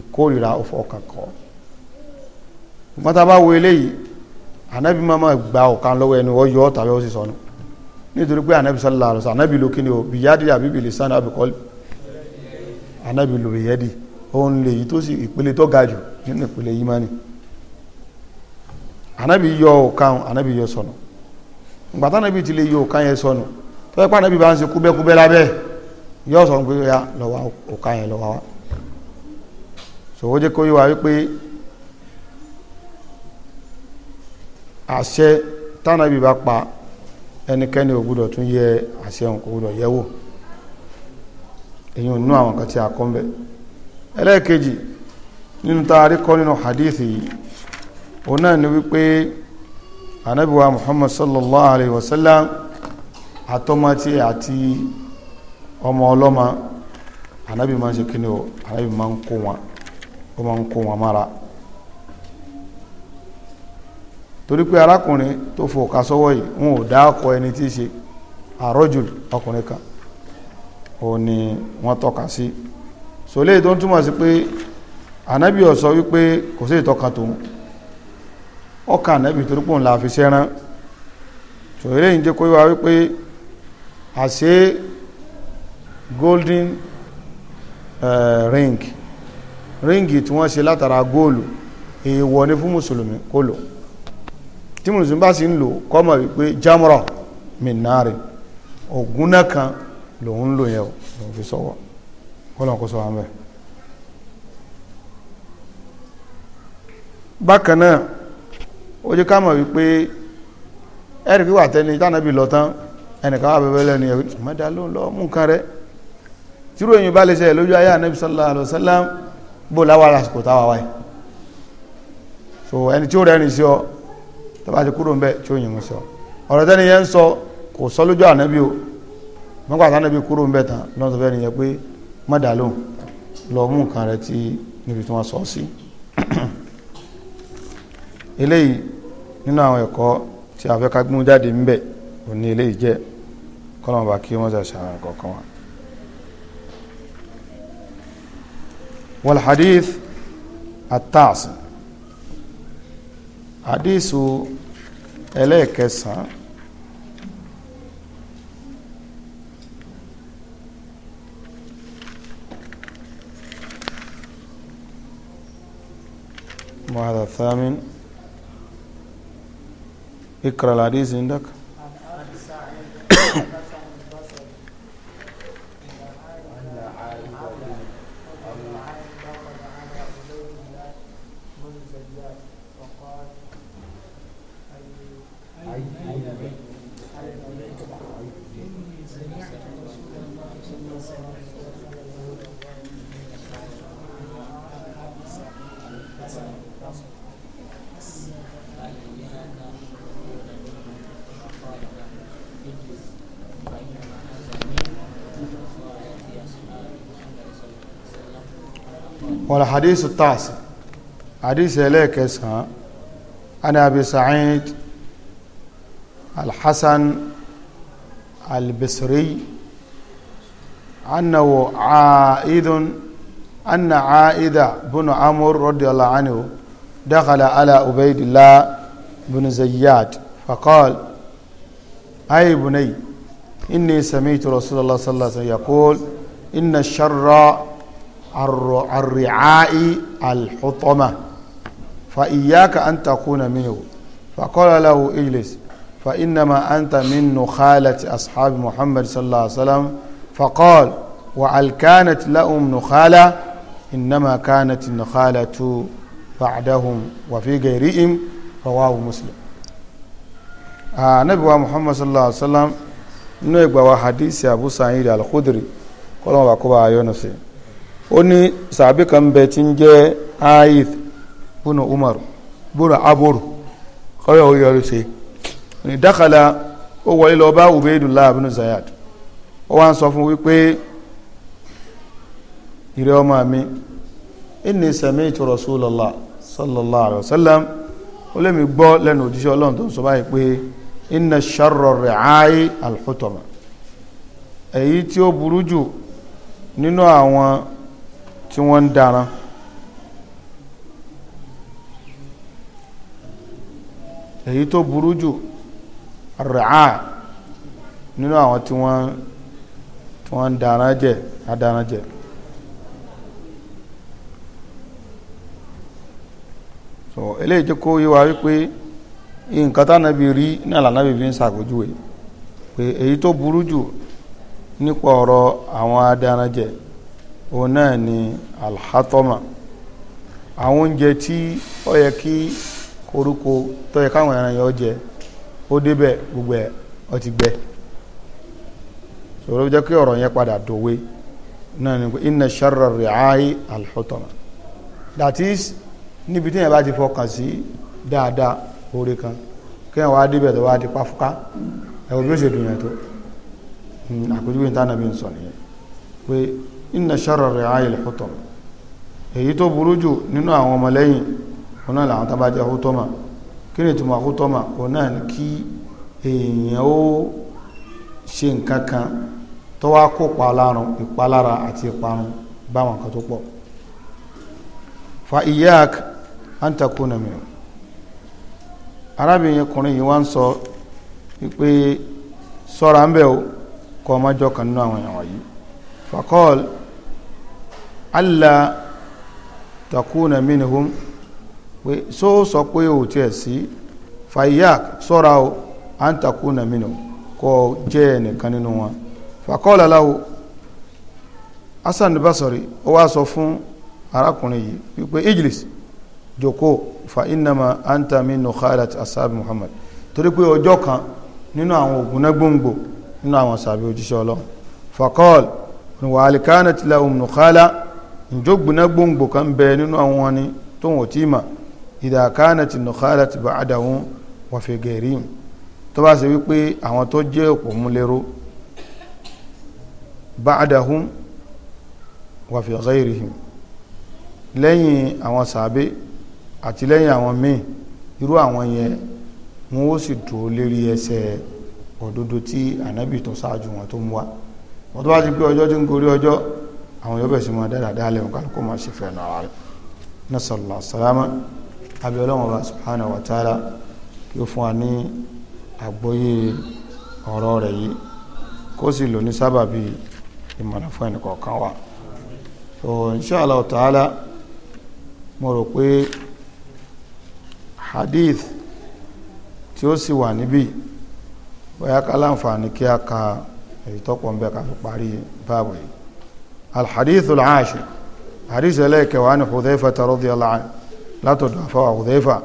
ìkórìíra ọ̀fọ̀ọ̀kàn kọ́ ṣùgbọ́n tá a bá wo eléyìí ànábì máa máa gba ọ̀kan lọ́wọ́ ẹni wọ́n yọ ọ́ ó sì sọnù nítorí pé ànábì sallallahu alaihi ànábì ló kíni o bìyádìí àbíbìlì sànà àbíkọ́lì ànábì ló bìyádìí òun lè yí tó sì ìpele tó ga jù nínú ìpele ìmánì ànábì yọ ọ̀kan ànábì yọ sọnù ìgbà tánábì ti lè yọ ọ̀kan yẹn sọnù tó yẹ pé ànábì bá ń ṣe kúbẹ́kúbẹ́ lábẹ́ yọ sọnù pé ya lọ́wọ́ ọ̀kan yẹn lọ́wọ́ wa sòwò jẹ́ kó yí wa wípé àṣẹ tánábì bá pa ẹnikẹ́ni ò gbúdọ̀ tún yẹ àṣẹ òun kò gbúdọ̀ yẹ wò èyí ò nú àwọn kan tí a kọ́ ń bẹ́ẹ̀ ẹlẹ́ẹ̀kejì nínú taari kọ́ nínú hadith yìí òun náà ni wípé anabiwa muhammad sallallahu alayhi wa sallam atọ́mọtí àti ọmọ ọlọ́mọ anabi máa ń ṣe kíni o anabi máa ń kó wọn ó máa ń kó wọn mára torí pé arákùnrin tó fòkà sọ́wọ́ yìí wọn ò dá ẹni tí í ṣe àrọ́jù ọkùnrin kan òun ni wọ́n tọ́ka sí. Si so don tó ń túmọ̀ sí pé ànábì ó sọ wípé kò sí ìtọ́ka tòun ọkà ànábì torí pòun la fi sẹ́rán so eléyìí jẹ́ kó wá wípé àṣé golden uh, ring ríǹgì tí wọ́n ṣe látara góòlù èèwọ̀ ni fún mùsùlùmí kó lò tí mùsùlùmí bá sì ń lò kọ́mọ̀ wípé jámọ́rọ̀ mìnárì ògúnná kan lòun lò yẹn ò fi sọ́wọ́ kọ́lọ̀n kó sọ wọn bẹ̀ bákan náà ó jẹ́ ká mọ̀ wípé ẹ̀rì kí wà tẹ́ni tánàbí lọ tán ẹnìkan wà bẹ́bẹ́ lẹ́nu ẹ̀rí mẹ́ta ló ń lọ mú nǹkan rẹ̀ tíró èyàn bá lè ṣe lójú ayé ànábì sallallahu alaihi bó láwàrà àsìkò táwà wáyé so ẹni tí ó rẹ́rìn sí ọ tó bá ti kúrò ń bẹ́ tí ó yìnbọn sí ọ ọ̀rọ̀ tẹ́ni yẹn ń sọ kò sọ lójú ànábì o mọ́gbà tánábì kúrò ń bẹ́ tán lọ́nà tó fẹ́ nìyẹn pé mọ́dà lóhùn lọ mú nǹkan rẹ tí níbi tí wọ́n sọ sí eléyìí nínú àwọn ẹ̀kọ́ tí a fẹ́ ká gbọ́n jáde ń bẹ̀ ò ní eléyìí jẹ́ kọ́lọ́mọba kí wọ́n ṣe àṣàràn kọ̀ọ̀kan wa. wal hadith at-tas hadithu ẹlẹ́ẹ̀kẹsàn-án وهذا الثامن اقرأ الحديث عندك wal hadith taasi hadith ẹlẹ́ẹ̀kẹsàn-án ana abi sa'id alhassan albisri annahu aidun anna aida bunu amur radiyallahu anhu dakhala ala ubaidillah bunu zayyad faqal ay bunay inni sami'tu rasulullah sallallahu alaihi wasallam yaqul inna sharra الرعاء الحطمة فإياك أن تكون منه فقال له اجلس فإنما أنت من نخالة أصحاب محمد صلى الله عليه وسلم فقال وعل كانت لهم نخالة إنما كانت النخالة بعدهم وفي غيرهم رواه مسلم anabi wa muhammad sallallahu alaihi wa sallam nínú ìgbà wa hadisi abu sa'id al-khudri kọlọ́wọ́ bá kó ó ní sàbí kan bẹ tí ń jẹ́ aith bùnà umar bùnà aboru ọ̀rẹ́ òye ọ̀rẹ́ ṣe ní dákàlà ó wọlé lọ bá ubaydullah ibn zayad ó wá ń sọ fún wípé ìrẹ́ ọmọ mi inni sami'tu rasulullah sallallahu alaihi wasallam ó lè mi gbọ́ lẹ́nu òjíṣẹ́ ọlọ́run tó ń sọ báyìí pé inna sharra ri'ai al-hutama èyí tí ó burú jù nínú àwọn tí wọ́n ń dáran èyí tó burú jù ràá nínú àwọn tí wọ́n ń dáran jẹ adáran jẹ so eléyìí tó kó yíwa wípé nǹkan tánàbí rí náà lànàbí fi ń ṣàkójúwe pé èyí tó burú jù nípa ọ̀rọ̀ àwọn adáran jẹ òun náà ni alhatoma àwọn oúnjẹ tí ó yẹ kí koríko tó yẹ káwọn ẹran yọ jẹ ó gbogbo ẹ̀ ọ ti gbẹ sọ̀rọ̀ jẹ́ kí ọ̀rọ̀ yẹn padà dòwe náà ni pé inna sharra alhatoma that is níbi tí yẹn bá ti fọkàn sí dáadáa oore kan kí wọn wá débẹ̀ tó wá di páfúká ẹ̀wọ̀n bí ó ṣe dùn yẹn tó hmm, sọ nìyẹn pé inna sharra ri'ayi al-hutam èyí tó burú jù nínú àwọn ọmọlẹ́yìn ọ̀nà làwọn tàbá jẹ́ hútọ́mà kí ni túnmọ̀ hútọ́mà ọ̀nà ni kí èèyàn ó ṣe nǹkan kan tó wá kó palarun ìpalára àti ìparun báwọn kan tó pọ̀ fa iyak an takuna minhu arábìnrin ọkùnrin yìí wá ń sọ pé sọ́ra ń bẹ̀ ó kọ́ ọmọjọ́ kan nínú àwọn èèyàn wọ̀nyí fakọ́ọ̀lù allah takuna minhum pé só sọ pé ò tiẹ̀ sí fayak sọ́ra o à ń takuna minhum kọ́ jẹ́ ẹnìkan nínú wọn fàkọ́ọ̀lá láwo hasan basori ó wá sọ fún arákùnrin yìí wípé ijlis joko fa innama anta minu khalat asabi muhammad torí pé ọjọ́ kan nínú àwọn ògùnná gbòǹgbò nínú àwọn sàbí òjíṣẹ́ ọlọ́run fàkọ́ọ̀l wàhálì kánàtìlá òmùnú khala njó gbóná gbòǹgbò kan bẹ nínú àwọn wọn ni tó wọn tí mà ìdàkánà ti nùkálà ti bá àdàwọn wàfẹ gẹrí tó bá ṣe wípé àwọn tó jẹ òpò múlẹrú bá àdàwọn wàfẹ gẹrí lẹ́yìn àwọn sàbẹ àti lẹ́yìn àwọn míì irú àwọn yẹn wọn ó sì dúró lérí ẹsẹ̀ òdodo tí ànábì tó ṣáájú wọn tó mú wa wọn tó bá ti pé ọjọ́ tí ń gorí ọjọ́ àwọn yóò bẹ̀rẹ̀ sí máa dára dálẹ̀ wọn kálukú máa ṣe fẹ́ràn ara rẹ̀ nasalla salama abẹ́ ọlọ́run ọba subhanahu wa ta'ala kí ó fún wa ní àgbọ́yé ọ̀rọ̀ rẹ̀ yìí kó sì lò ní sábàbí ìmọ̀nà fún ẹnìkọ̀ọ̀kan wa so inṣàlá ta'ala mo rò pé hadith tí ó sì wà níbí bóyá ká láǹfààní kí a ka èyí tọ́pọ̀ ń bẹ ká fi parí báàbò yìí الحديث العاشر حديث لك وعن حذيفة رضي الله عنه لا تدع فوى حذيفة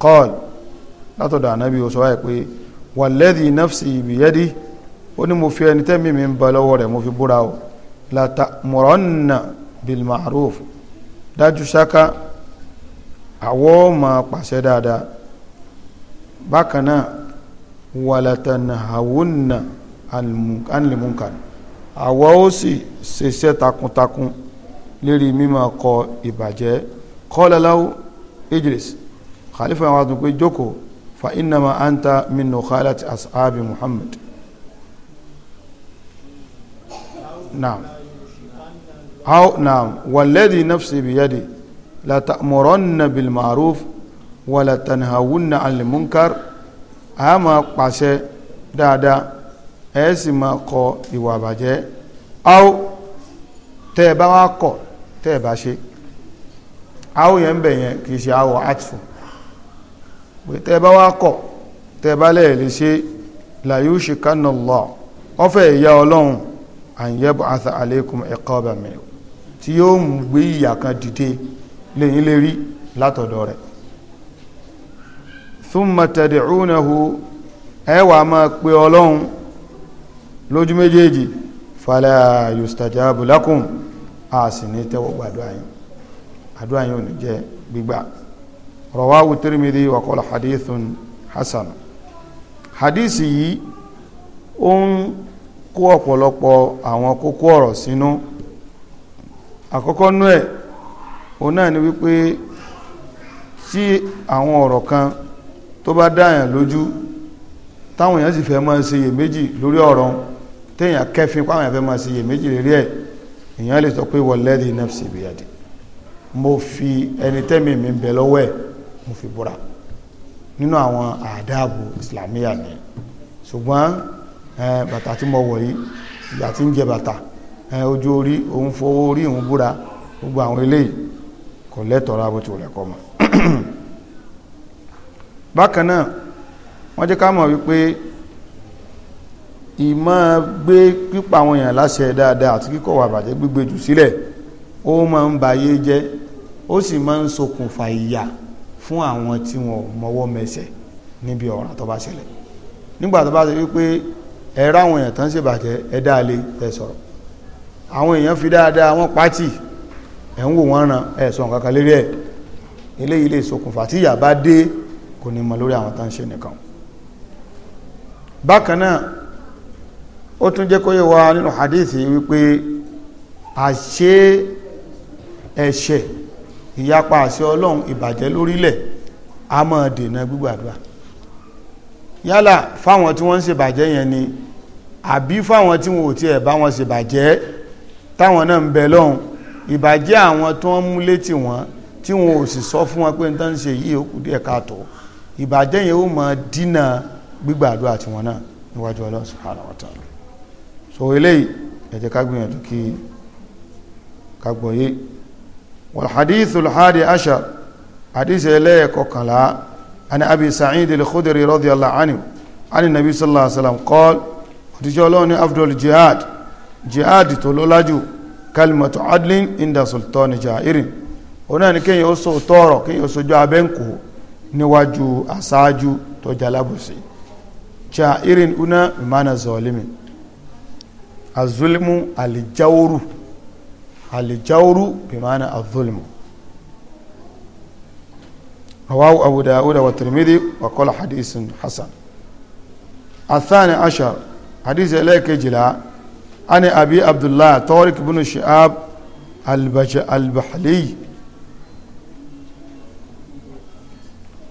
قال لا تدع نبي وسوائك والذي نفسي بيدي ونمفي أن تمي من بلورة مفي براو لا تأمرن بالمعروف dájú sáká àwọ́ ma pàṣẹ ولا تنهون عن àwòrán alìmúkan àwa ó sì ṣiṣẹ́ takuntakun lérí mímọ̀ kọ ìbàjẹ́ kọ́lẹ́láwó idris khalifa wa tún pé jókòó fa innama anta min nukhalati ashabi muhammad naam aw naam walladhi nafsi biyadi la ta'muranna bil ma'ruf wa la tanhawunna 'anil munkar a máa pàṣẹ dáadáa ẹ sì máa kọ ìwà àbàjẹ́ áó tẹ́ ẹ bá wá kọ̀ tẹ́ ẹ bá ṣe áó yẹn ń bẹ̀ yẹn kì í ṣe áó àtfù pé tẹ́ ẹ bá wá kọ̀ tẹ́ ẹ bá lẹ̀ lè ṣe làyú ṣe kánà lọ ọfẹ́ ìyá ọlọ́run àyẹ̀bọ̀ àtà àlékún ẹ̀kọ́ ọba mi tí yóò mú gbé ìyà kan dìde lẹ́yìn lè rí látọ̀dọ̀ rẹ̀ thumma tad'unahu ẹ wá máa pe ọlọ́run lójú méjèèjì fala yustajabu lakum a sì ní tẹ́wọ́ gbàdúrà yín àdúrà yín ò ní jẹ́ gbígbà rawahu Tirmidhi wa hadithun hasan hadisi yìí ó ń kó ọ̀pọ̀lọpọ̀ àwọn kókó ọ̀rọ̀ sínú àkọ́kọ́ nú ẹ̀ òun náà ni wípé tí àwọn ọ̀rọ̀ kan tó bá dáyàn lójú táwọn èèyàn sì fẹ́ máa ṣe iyèméjì lórí ọ̀rọ̀ wọn téèyàn kẹfin pàwọn èèyàn fẹ́ máa ṣe iyèméjì lérí ẹ̀ èèyàn lè sọ pé walladhi nafsi biyadi mo fi ẹni tẹ́mi mi bẹ lọ́wọ́ ẹ̀ mo fi búra nínú àwọn àdáàbò islamiyà ni ṣùgbọ́n bàtà tí mo wọ̀ yìí ìyà tí ń jẹ bàtà ojú orí òun fowó orí òun búra gbogbo àwọn eléyìí kò lẹ́tọ̀ọ́ rábò tí ò lẹ́kọ́ mọ́ bákan náà wọ́n jẹ́ ká mọ̀ wípé ìmọ̀ gbé pípa àwọn èèyàn láṣẹ dáadáa àti kíkọ̀ wà bàjẹ́ gbígbé jù sílẹ̀ ó máa ń bayé jẹ́ ó sì máa ń ṣokùnfà ìyà fún àwọn tí wọn mọwọ́ mẹsẹ̀ níbi ọ̀ràn tó bá ṣẹlẹ̀ nígbà tó bá ṣe wípé ẹ ráwọn èèyàn tán ṣe bàjẹ́ ẹ dáalé ẹ sọ̀rọ̀ àwọn èèyàn fi dáadáa wọn pátì ẹ ń wò wọ́n ran ẹ sọ nǹkan kan lérí ẹ̀ eléyìí lè ṣokùnfà tí ìyà bá dé kò ní mọ lórí àwọn tán ṣe nìkan bákan náà ó tún jẹ́ kó wa nínú hadithi wípé àṣẹ ẹ̀ṣẹ̀ ìyapa àṣẹ ọlọ́run ìbàjẹ́ lórílẹ̀ a máa dènà gbígbàdúrà yálà fáwọn tí wọ́n ń ṣèbàjẹ́ yẹn ni àbí fáwọn tí wọn ò tiẹ̀ bá wọn ṣèbàjẹ́ táwọn náà ń bẹ lọ́hùn ìbàjẹ́ àwọn tó ń mú létí wọn tí wọn ò sì sọ fún wọn pé nǹkan ṣe yìí ó díẹ̀ káàtó ìbàjẹ́ yẹn ó máa dínà gbígbàdúrà tiwọn náà níwájú Ọlọ́run subhanahu wa ta'ala so eléyìí ẹ jẹ́ ká gbìyànjú kí ká gbọ́yé wal hadithul hadi ashar hadith ẹlẹ́ẹ̀kọkànlá ani abi sa'id al-khudri radiyallahu anhu ani nabi sallallahu alaihi wasallam qol òtíjọ́ ọlọ́run ní afdol jihad jihad tó lọ́lájú kalimatu adlin inda sultan jairin òun náà ni kéèyàn ó sọ tọ́ọ̀rọ̀ kéèyàn ó sojú abẹ́ǹkó níwájú aṣáájú tó jalábùsí jairin una imana zalimin azulimu alijawuru alijawuru bimaana azulimu rawahu abu dawuda wa tirmidhi wa qala hadithun hasan athani ashar hadith ẹlẹ́ẹ̀kejìlá ani abi abdullah tawrik bin shi'ab albahliy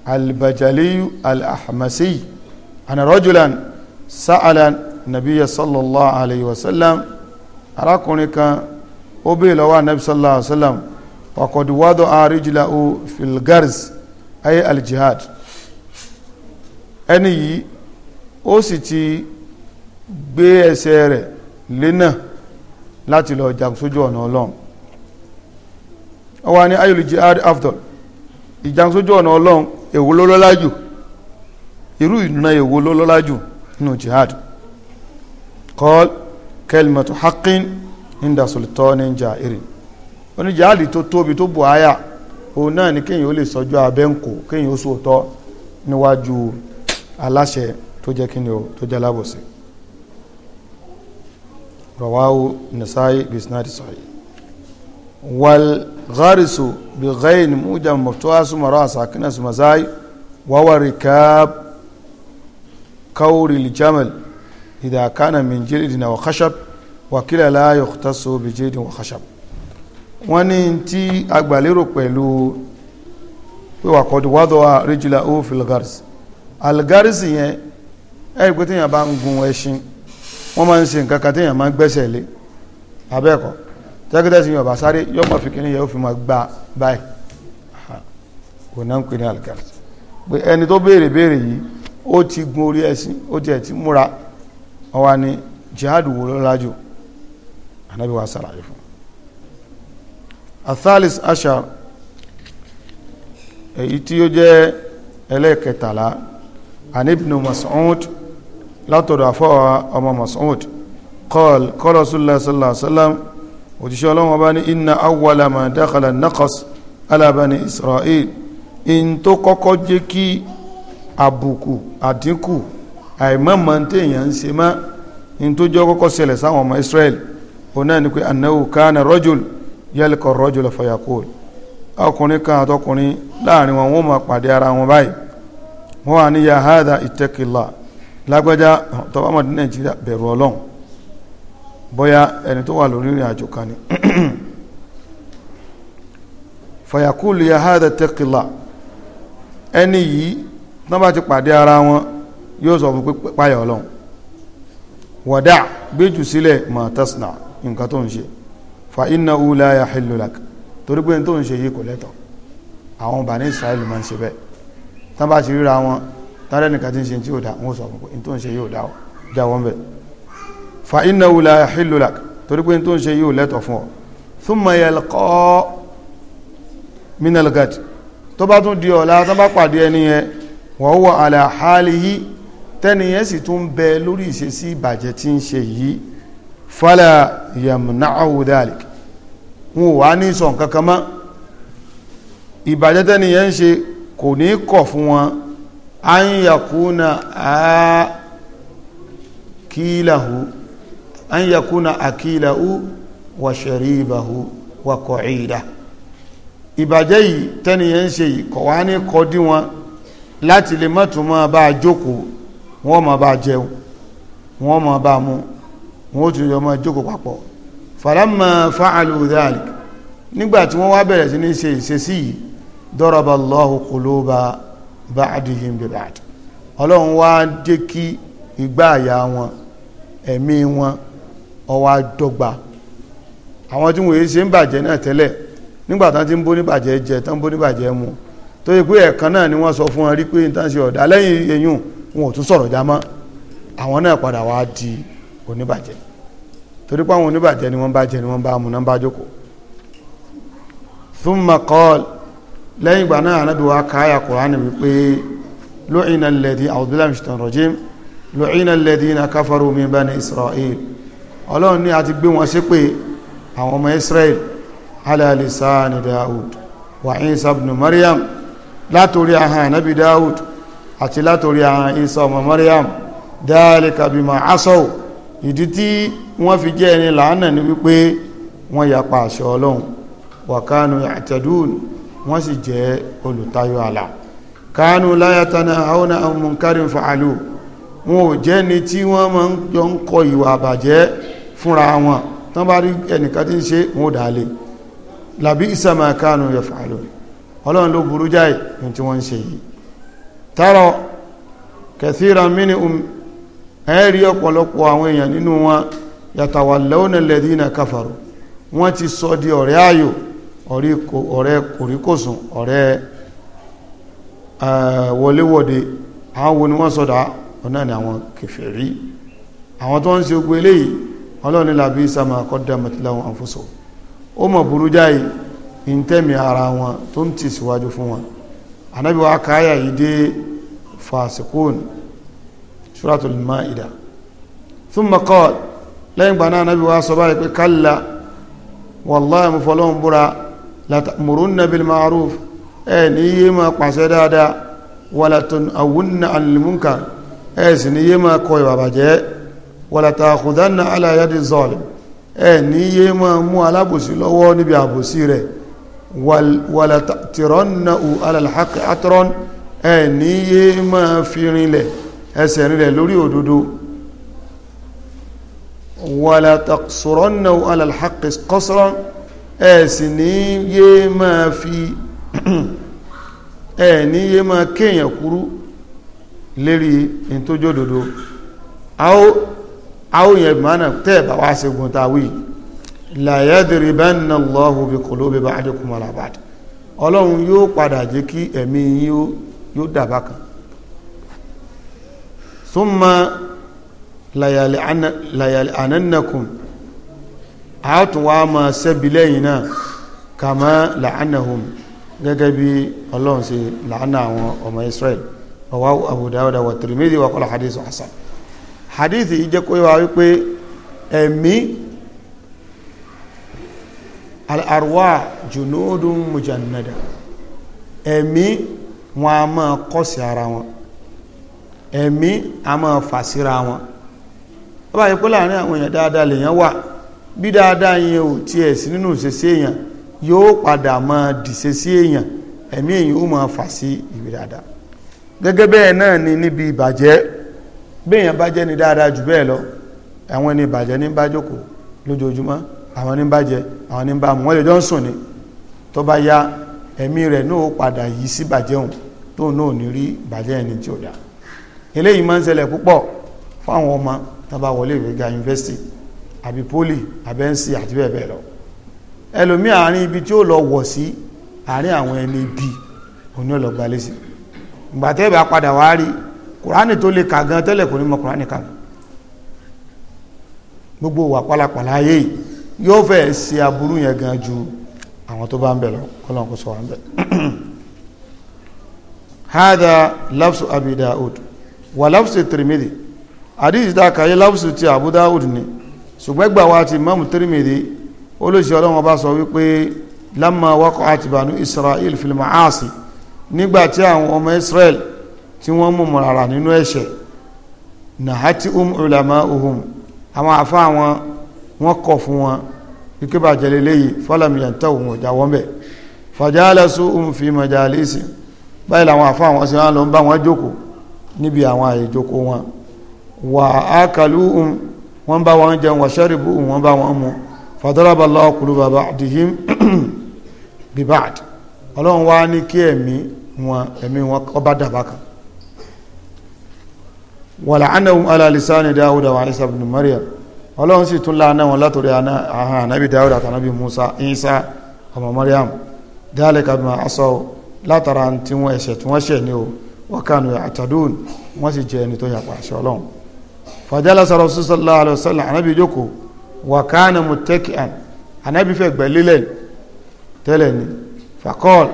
albajaliy alahmasiy ana rajulan sa'alan nabiya sallallahu alayhi wa sallam arákùnrin kan ó bèè lọ́wọ́ anabi sallallahu alayhi wa sallam wakọ̀dù wádọ̀ àríjìlá o filgars ayé aljihad ẹni yìí ó sì ti gbé ẹsẹ̀ rẹ̀ lẹ́nà láti lọ jagun sójú ọ̀nà ọlọ́run ó wá ní ayul jihad afdol ìjagun ọ̀nà ọlọ́run èwo ló jù irú ìdúná èwo ló jù nínú jihad. No qal kalimatu haqqin inda sultanin jairin oníjàálì tó tóbi tó bù áyà òun náà ni kéèyàn ó lè sọjọ́ abẹ́ ń kó kéèyàn ó sòótọ́ níwájú aláṣẹ tó jẹ́ kíni o tó jẹ́ alábòsí rawahu nasai bisnadi sahih wal gharisu bi ghayn mujam maftuha suma ra sakina suma zai kawri al إذا كان من جلد أو خشب وكلا لا يختص بجلد وخشب wọ́n ní tí agbàlérò pẹ̀lú wíwà kọ́dù wádọ́wà ríjìlá ó filgars algars yẹn ẹ̀rìgbé tíyàn bá ń gun ẹṣin wọ́n máa ń ṣe nǹkan kan tíyàn máa ń gbẹ́sẹ̀ lé abẹ́ẹ̀kọ́ tẹ́gídẹ́ sí yọ̀bá sáré yọ́mọ̀ fi kíní yẹ ó fi máa gbá báyìí kò náà ń pè ní algars pé ẹni tó béèrè béèrè yìí ó ti gun orí ẹṣin ó tiẹ̀ ti múra wọ́n wá ní jihad wo ló lájú anabi wa sàlàyé fún athalis ashar èyí tí ó jẹ́ ẹlẹ́ẹ̀kẹtàlá an ibn mas'ud látọ̀dọ̀ àfọwà ọmọ mas'ud qal qala rasulullah sallallahu alaihi wasallam òjíṣẹ́ ọlọ́run ọba ní inna awwala ma dakhala naqas ala israel in tó kọ́kọ́ jẹ́ kí àbùkù àdínkù àìmọ̀mọ̀ téèyàn ń ṣe mọ́ ní tó jọ kọ́kọ́ ṣẹlẹ̀ sáwọn ọmọ Israel òun náà ni pé annahu kana rajul yalqa rajula fayaqul ọkùnrin kan àtọkùnrin láàrin wọn wọn máa pàdé ara wọn báyìí wọn wà ní ya hadha ittaqillah lágbájá tọ́bámọ̀dé Nàìjíríà bẹ̀rù Ọlọ́run bóyá ẹni tó wà lórí ìrìn àjò kan ni fayaqul ya hadha ittaqillah ẹni yìí tán bá ti pàdé ara wọn yóò sọ fún pé páyà ọlọ́run wàdà gbéjù sílẹ̀ ma tasna nǹkan tó ń ṣe fa innahu la yahillu lak torí pé tó ń ṣe yìí kò lẹ́tọ̀ àwọn bàní Israẹli máa ń ṣe bẹ́ẹ̀ tán bá ti ríra wọn tààrẹ nìkan tí ń ṣe tí ò dá wọn sọ fún pé tó ń ṣe yìí ò dá já wọn bẹ̀ fa innahu la yahillu lak torí pé tó ń ṣe yìí ò lẹ́tọ̀ fún ọ thumma yalqa minal gad tó bá tún di ọ̀la tó bá pàdé ẹni yẹn wa huwa ala halihi tẹ́niyẹn sì tún bẹ lórí ìṣesí ìbàjẹ́ tí ń ṣe yìí fala yamna'u dhalik wọn ò wá ní sọ nǹkan kan mọ́ ìbàjẹ́ ń ṣe kò ní kọ̀ fún wọn an yakuna akilahu an yakuna akilahu wa sharibahu wa qa'idah ìbàjẹ́ yìí tẹ́niyẹn ń ṣe yìí kọ̀ wá ní kọ́ dí wọn láti lè mọ́tún mọ́ bá a jókòó wọn máa bá jẹun wọn ma bá mu wọ́n tún yọ máa jókòó papọ̀ falamma fa'alu dhalik nígbà tí wọ́n wá bẹ̀rẹ̀ sí ní ṣe ìṣesí yìí daraba Allahu quluba ba'dihim bi ba'd ọlọ́run wá kí àyà wọn ẹ̀mí wọn ó wá àwọn tí wọ́n yé ṣe ń bàjẹ́ náà tẹ́lẹ̀ nígbà tán ti ń bó níbàjẹ́ jẹ mu tó yẹ pé ẹ̀kan náà ni wọ́n sọ fún wọn rí wọn ò tún sọ̀rọ̀ já mọ́ àwọn náà padà wá di oníbàjẹ́ torí pé àwọn oníbàjẹ́ ni wọ́n bá jẹ ni wọ́n bá mu náà bá jókòó thumma qala lẹ́yìn ìgbà náà anábì wa káyà kùránì wípé lu'ina alladhi a'udhu billahi minash shaitanir rajim lu'ina àti látorí àwọn Isa ọmọ Maryam dhalika bima asaw ìdí tí wọ́n fi jẹ́ ẹni làánà ni wípé wọ́n yapa àṣẹ Ọlọ́run wa kanu ya'tadun wọ́n sì jẹ́ olùtayọ àlà kanu la yatanahawna an munkarin fa'alu wọn ò jẹ́ ni tí wọ́n máa ń jọ ń kọ ìwà àbàjẹ́ fúnra wọn tán bá rí ẹnìkan tí ń ṣe wọn ò dálé labisa ma kanu yaf'alun Ọlọ́run ló burú jáì ní tí wọ́n ń ṣe yìí tara kathiran minhum ẹ̀rí ọ̀pọ̀lọpọ̀ àwọn èèyàn nínú wọn yatawallawna alladhina kafaru wọ́n ti sọ di ọ̀rẹ́ ayò ọ̀rẹ́ kòríkòsùn ọ̀rẹ́ wọléwọ̀de àwọn wo ni wọ́n sọ̀dá ọ̀nà ni àwọn kèfèrí àwọn tó ń ṣe ogun eléyìí ọlọ́ni làbí sàmà kọ́dàmọ̀tíláwọn anabi wa káyà yìí dé fasikun suratul ma'ida thumma qala lẹ́yìn gbà náà anabi wa sọ báyìí pé kalla wallahi mo fọlọ́n búra latamurunna bil ma'ruf ẹ ní yé máa pàṣẹ dáadáa wala tunawunna anil munkar ẹ sì ní yé máa kọ ìwà bàjẹ́ wala ta'khudanna ala yadi zalim ẹ ní yé máa mú alábòsí lọ́wọ́ níbi àbòsí rẹ̀ wàlà tìrọ́nà alàlàkì àtọ́rọ́n ẹ̀ ní yé máa fi rinlẹ̀ ẹsẹ̀ rinlẹ̀ lórí òdodo wàlà tàṣọ́rọ́nà alàlàkì kọ́sọ́rọ́n ẹ̀ sì ní yé máa fi ẹ̀ ní yé máa kéèyàn kúrú lérí ìntójó òdodo àwọn yẹn mọ́nà tẹ́ẹ̀ bá wá ṣe gùn tàwí yìí la yadribanna Allahu bi qulubi ba'dikum ala ba'd ọlọ́run yóò padà jẹ́ kí ẹ̀mí yín yóò dàbá kan thumma layal'anannakum a tún wá máa sẹ́bi lẹ́yìn náà kama la'anahum gẹ́gẹ́ bí ọlọ́run ṣe la'ana àwọn ọmọ Israel ọwá Abu Dawud wa Tirmidhi wa qala hadith hasan hadith yìí jẹ́ kó wá wípé ẹ̀mí al-arwah junudun mujannada ẹ̀mí wọn a máa kọ́ sí ara wọn ẹ̀mí a máa fà síra wọn ó bá yẹ pé láàrin àwọn èèyàn dáadáa lèèyàn wà bí dáadáa yẹn ò tiẹ̀ sí nínú ìṣesí èèyàn yóò padà máa dìṣe sí èèyàn ẹ̀mí èèyàn ó máa fà sí ibi dáadáa gẹ́gẹ́ bẹ́ẹ̀ náà ni níbi ìbàjẹ́ béèyàn bá jẹ́ ni dáadáa jù bẹ́ẹ̀ lọ àwọn ẹni ìbàjẹ́ ní bá jókòó lójoojúmọ́ àwọn ní bá jẹ àwọn ní bá mu wọ́n lè jọ ń sùn ni tó bá yá ẹ̀mí rẹ̀ náà ó padà yìí sí bàjẹ́ òun tóun náà ní rí bàjẹ́ ẹni tí ò dá eléyìí máa ń ṣẹlẹ̀ púpọ̀ fáwọn ọmọ tó bá wọlé ìwé ga yunifásitì àbí pólì àbẹ́ǹsì àti bẹ́ẹ̀ bẹ́ẹ̀ lọ ẹlòmí àárín ibi tí ó lọ wọ̀ sí àárín àwọn ẹni ibi òní ọlọ́gba lẹ́sìn ìgbà tẹ́ bá padà wá rí kùránì tó lè kà gan tẹ́lẹ̀ kò ní mọ kùránì kà gbogbo wà pálapàla ayé yìí yóò fẹ́ ṣe aburú yẹn gan ju àwọn tó bá ń bẹ̀ lọ kọ́lọ́n kó sọ wà ń bẹ̀. hada lafsu abi daud wa lafsu tirimidi hadith da kaye lafsu ti abu daud ni ṣùgbọ́n gbà wá ti imam tirimidi olóṣèlú ọlọ́wọ́n bá sọ wípé lamma waqa'at banu israel fil ma'asi nígbà tí àwọn ọmọ israel tí wọ́n mú mọ̀ràrà nínú ẹ̀ṣẹ̀ nahati um ulama uhum àwọn àfa àwọn wọ́n kọ̀ fún wọn kíkẹ́ bá jẹ lélẹ́yìí fọ́làmìyàn tó òun ọjà wọ́n bẹ̀ fàjálẹ̀sù òun fi mọ̀jà lẹ́sìn báyìí làwọn àfa àwọn sí wọn lọ ń bá wọn jókòó níbi àwọn àyè jókòó wọn wà á kàlú òun wọ́n bá wọn jẹun wà ṣẹ́rìbù òun wọ́n bá wọn mu fàdọ́rọ̀bà lọ́ọ̀kùlù bàbá àdìhìm bíbáàd ọlọ́run wá ní kí ẹ̀mí wọn ẹ̀mí wọn ọba dàbà kan wàlà ánàwó alàlìsáni dáwùdà wà ìsàbùnú mariam ọlọ́run sì tún láàánà wọn látòrí àhán ànábì dáwọ́dà àtànábì musa isa ọmọ mariam dhalika bima asaw látara tí wọ́n ẹ̀ṣẹ̀ tí wọ́n ṣẹ̀ ní o wa kanu ya'tadun wọ́n sì jẹ́ ẹni tó yàpá àṣẹ ọlọ́run fajalasa rasul sallallahu alaihi wasallam ànábì jókòó wa kana muttaki'an ànábì fẹ́ gbẹ̀lélẹ̀ tẹ́lẹ̀ ni faqal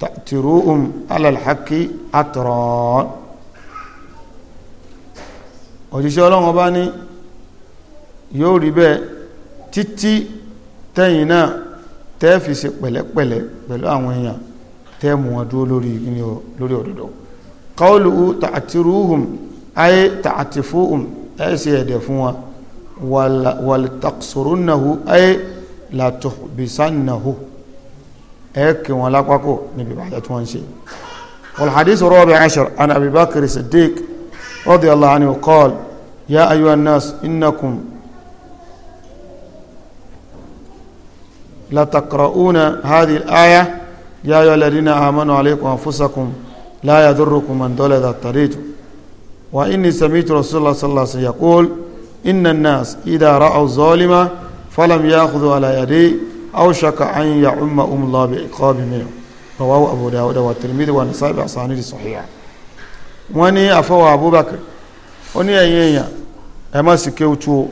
tàtìrúhùn alàlhàkí àtọ̀rọ̀ òjíṣẹ́ ọlọ́run ọba ní yóò rí bẹ́ẹ̀ títí tẹ́yìn náà tẹ́ fi ṣe pẹ̀lẹ́pẹ̀lẹ́ pẹ̀lú àwọn èèyàn tẹ́ mú wọn dúró lórí ìgbìnì lórí òdodo qawluhu tàtìrúhùn ayé tàtìfúhùn ẹ̀ ẹ̀dẹ̀ fún wọn wàlítàkṣòrónàhù ayé látọ̀bìsánàhù ẹ kí wọn نبي بعد ìbàjẹ́ والحديث الرابع عشر عن أبي بكر الصديق رضي الله عنه قال يا أيها الناس إنكم لتقرؤون هذه الآية يا أيها الذين آمنوا عليكم أنفسكم لا يضركم من ضل إذا الطريق وإني سمعت رسول الله صلى الله عليه وسلم يقول إن الناس إذا رأوا الظالم فلم يأخذوا على يديه أوشك أن يعم أم الله بعقاب منه رواه أبو داود والترمذي والنسائي بأسانيد صحيحة wọ́n ní àfọwọ́ Abubakar ó ní ẹ̀yin èèyàn ẹ má sì kéwu tú o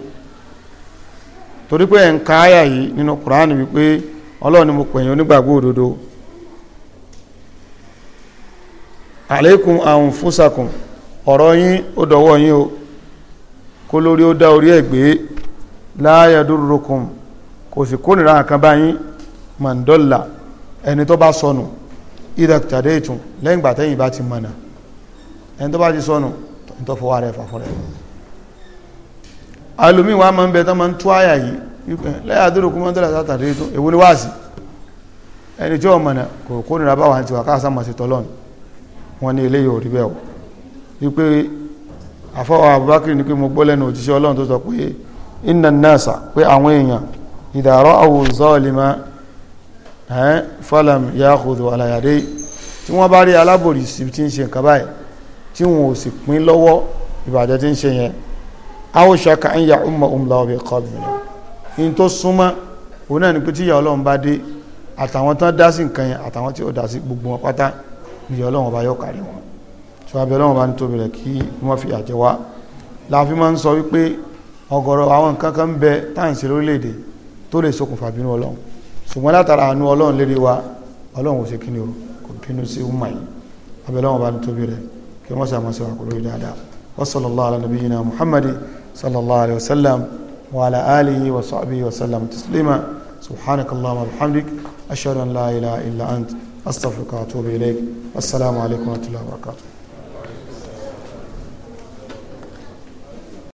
torí pé ẹ̀ ń ka àyà yìí nínú Kùránì wípé Ọlọ́run mo pè yín onígbàgbọ́ òdodo àlékún anfusakum ọ̀rọ̀ yín ó dọ̀wọ́ yín o kó lórí ó dá orí ẹ̀ gbé la yadurukum kò sì kórìíra kan báyìí mandola ẹni tó bá sọnù ìdàkítàdé ìtún lẹ́yìn ìgbà tẹ́yìn bá ti mọ̀nà ẹni tó bá ti sọnù tó fọwọ́ rẹ̀ fàfọ́ rẹ̀ wa máa ń bẹ tó máa ń tú àyà yìí wípé lẹ́yìn àdúrò kú mandola sátàdé ìtún èwo ni wáàsì ẹni tí ó mọ̀nà kò kórìíra báwa ti wà káàsá mọ̀ sí tọ́lọ́nù wọn ní eléyìí ò rí bẹ́ẹ̀ o wípé àfọwọ́ Abubakar ni pé mo gbọ́ lẹ́nu òjíṣẹ́ Ọlọ́run tó sọ pé inna nasa pé àwọn èèyàn إذا رأوا ظالما فلم يأخذوا على يديه tí wọ́n bá rí alábòrìsì tí ń ṣe nǹkan báyìí tí wọn ò sì pín lọ́wọ́ ìbàjẹ́ tí ń ṣe yẹn awoṣaka ń ya ọmọ òmùlà ọbẹ̀ kọlùmìnà in tó súnmọ́ òun náà ni pé tí ìyà ọlọ́run bá dé àtàwọn tán dá sí nǹkan yẹn àtàwọn tí ó dá sí gbogbo wọn pátá ìyà ọlọ́run bá yóò kárí wọn ṣùgbọ́n abẹ́ ọlọ́run bá ń tóbi rẹ̀ kí wọ́n fi àjẹ wá la máa ń sọ wípé ọ̀gọ̀rọ̀ àwọn nǹkan kan ń bẹ táà lórílẹ̀-èdè tó lè ṣokùnfà bínú ọlọ́run ṣùgbọ́n látara àánú ọlọ́run lérí wa ọlọ́run ò ṣe kí ni o kò bínú sí umma yìí abẹ́lẹ́wọ̀n bá ní tóbi rẹ̀ kí wọ́n sàmọ́ sí wa kò lórí dáadáa wa sallallahu ala nabiyyina muhammadi sallallahu alayhi wa sallam wa ala alihi wa sahbihi wa sallam taslima subhanakallahumma wa bihamdik an la ilaha illa ant astaghfiruka wa atubu ilayk assalamu alaykum wa rahmatullahi wa barakatuh